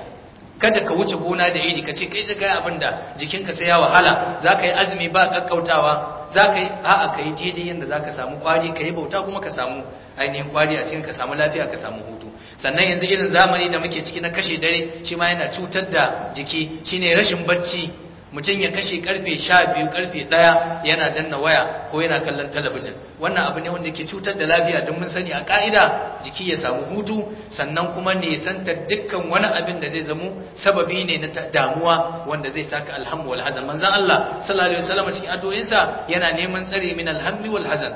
kada ka wuce gona da iri ka ce kai zai kai abin da jikinka sai ya wahala za ka yi azumi ba kakkautawa za ka yi a'a ka yi daidai yadda za ka samu kwari ka yi bauta kuma ka samu ainihin kwari a cikin ka samu lafiya ka samu sannan yanzu irin zamani da muke ciki na kashe dare shi ma yana cutar da jiki shine rashin barci, mutum ya kashe karfe sha biyu karfe ɗaya yana danna waya ko yana kallon talabijin wannan abu ne wanda ke cutar da lafiya don mun sani a ka'ida jiki ya samu hutu sannan kuma nesantar dukkan wani abin da zai zamo sababi ne na damuwa wanda zai saka alhamu wal hazan manzon Allah sallallahu alaihi wasallam cikin addu'o'insa yana neman tsare min alhammi wal hazan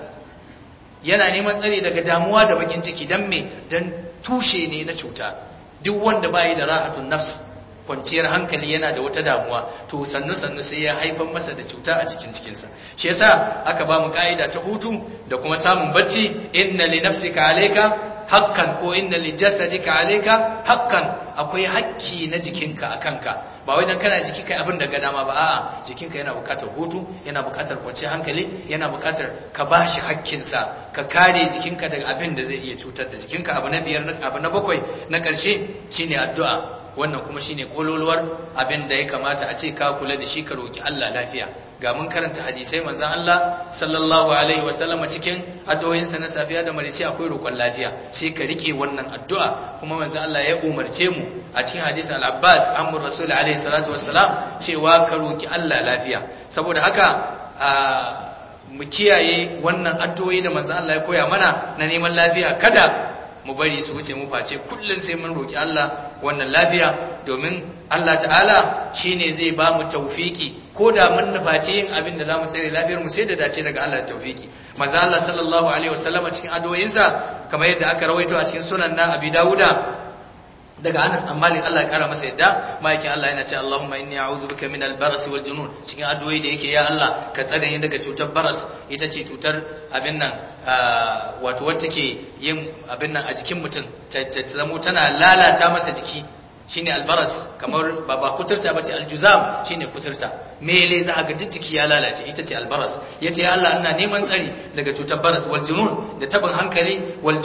yana neman tsare daga damuwa da bakin ciki dan me dan tushe ne na cuta duk wanda bai da rahatun nafs kwanciyar hankali yana da wata damuwa to sannu sannu sai ya haifar masa da cuta a cikin cikinsa shi yasa aka ba mu ka'ida ta hutu da kuma samun bacci inna li nafsika alayka hakkan ko inna li jasadika alayka hakkan akwai hakki na jikinka a kanka ba wai dan kana jiki kai abin da ga dama ba a'a jikinka yana bukatar hutu yana bukatar kwanci hankali yana bukatar ka bashi hakkin sa ka kare jikinka daga abin da zai iya cutar da jikinka abu na biyar abu na bakwai na karshe shine addu'a wannan kuma shine kololuwar abin da ya kamata a ce ka kula da shi ka roki Allah lafiya ga mun karanta hadisai manzon Allah sallallahu alaihi wasallama cikin addu'o'insa na safiya da marice akwai roƙon lafiya sai ka rike wannan addu'a kuma manzon Allah ya umarce mu a cikin hadisin al-Abbas amrul rasul alaihi salatu wassalam cewa ka roki Allah lafiya saboda haka mu kiyaye wannan addu'o'i da manza Allah ya koya mana na neman lafiya kada mu bari su wuce mu face kullun sai mun roki Allah wannan lafiya domin Allah ta'ala shine zai ba mu tawfiki ko da mun nufaci yin abin da zamu tsare lafiyar mu sai da dace daga Allah tawfiki manzo Allah sallallahu alaihi wasallam cikin addu'o'insa kamar yadda aka rawaito a cikin sunan na Abi Dawuda daga Anas dan Malik Allah ya kara masa yadda maikin Allah yana ce Allahumma inni a'udhu bika min al-baras wal junun cikin addu'o'i da yake ya Allah ka tsare ni daga cutar baras ita ce cutar abin nan wato wacce ke yin abin nan a jikin mutum ta zamo tana lalata masa jiki shine albaras kamar ba ba kuturta bace aljuzam shine kuturta mele za a ga jijjiki ya lalace ita ce albaras ya ce Allah ina neman tsari daga cutar baras waljunun da tabin hankali wal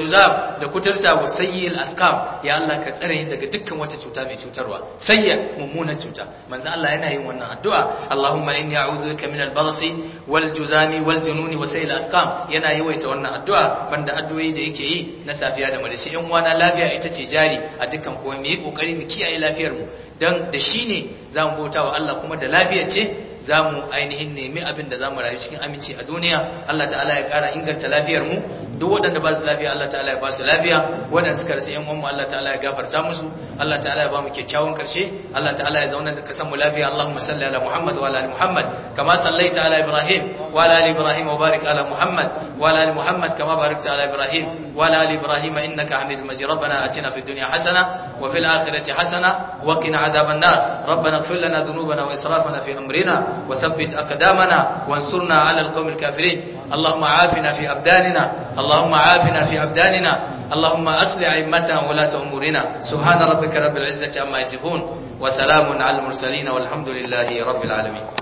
da kuturta wa sayyil askam ya Allah ka tsare daga dukkan wata cuta mai cutarwa sayya mummunar cuta manzo Allah yana yin wannan addu'a Allahumma inni a'udhu bika min al-baras wal juzami wal wa sayyil askam yana yawaita wannan addu'a banda addu'o'i da yake yi na safiya da madashi yan uwana lafiya ita ce jari a dukkan komai mu yi kokari mu kiyaye lafiyar mu dan da shi ne za mu bauta wa Allah kuma da lafiya ce za mu ainihin nemi abin da za mu rayu cikin aminci a duniya Allah ta'ala ya ƙara inganta lafiyar mu duk waɗanda ba su lafiya Allah ta'ala ya ba su lafiya waɗanda suka rasu ƴan uwanmu Allah ta'ala ya gafarta musu Allah ta'ala ya ba mu kyakkyawan ƙarshe Allah ta'ala ya zauna da kasan mu lafiya Allahumma salli ala Muhammad wa ala Muhammad kama sallaita ala Ibrahim wa ala ali Ibrahim wa barik ala Muhammad wa ala ali Muhammad kama barakta ala Ibrahim wa ala ali Ibrahim innaka Hamidul Majid dunya hasana wa fil akhirati hasana wa qina adhaban nar rabbana ighfir lana dhunubana wa israfana fi amrina وثبت أقدامنا وانصرنا على القوم الكافرين اللهم عافنا في أبداننا اللهم عافنا في أبداننا اللهم أصلح عمتنا ولا أمورنا سبحان ربك رب العزة أما يسفون وسلام على المرسلين والحمد لله رب العالمين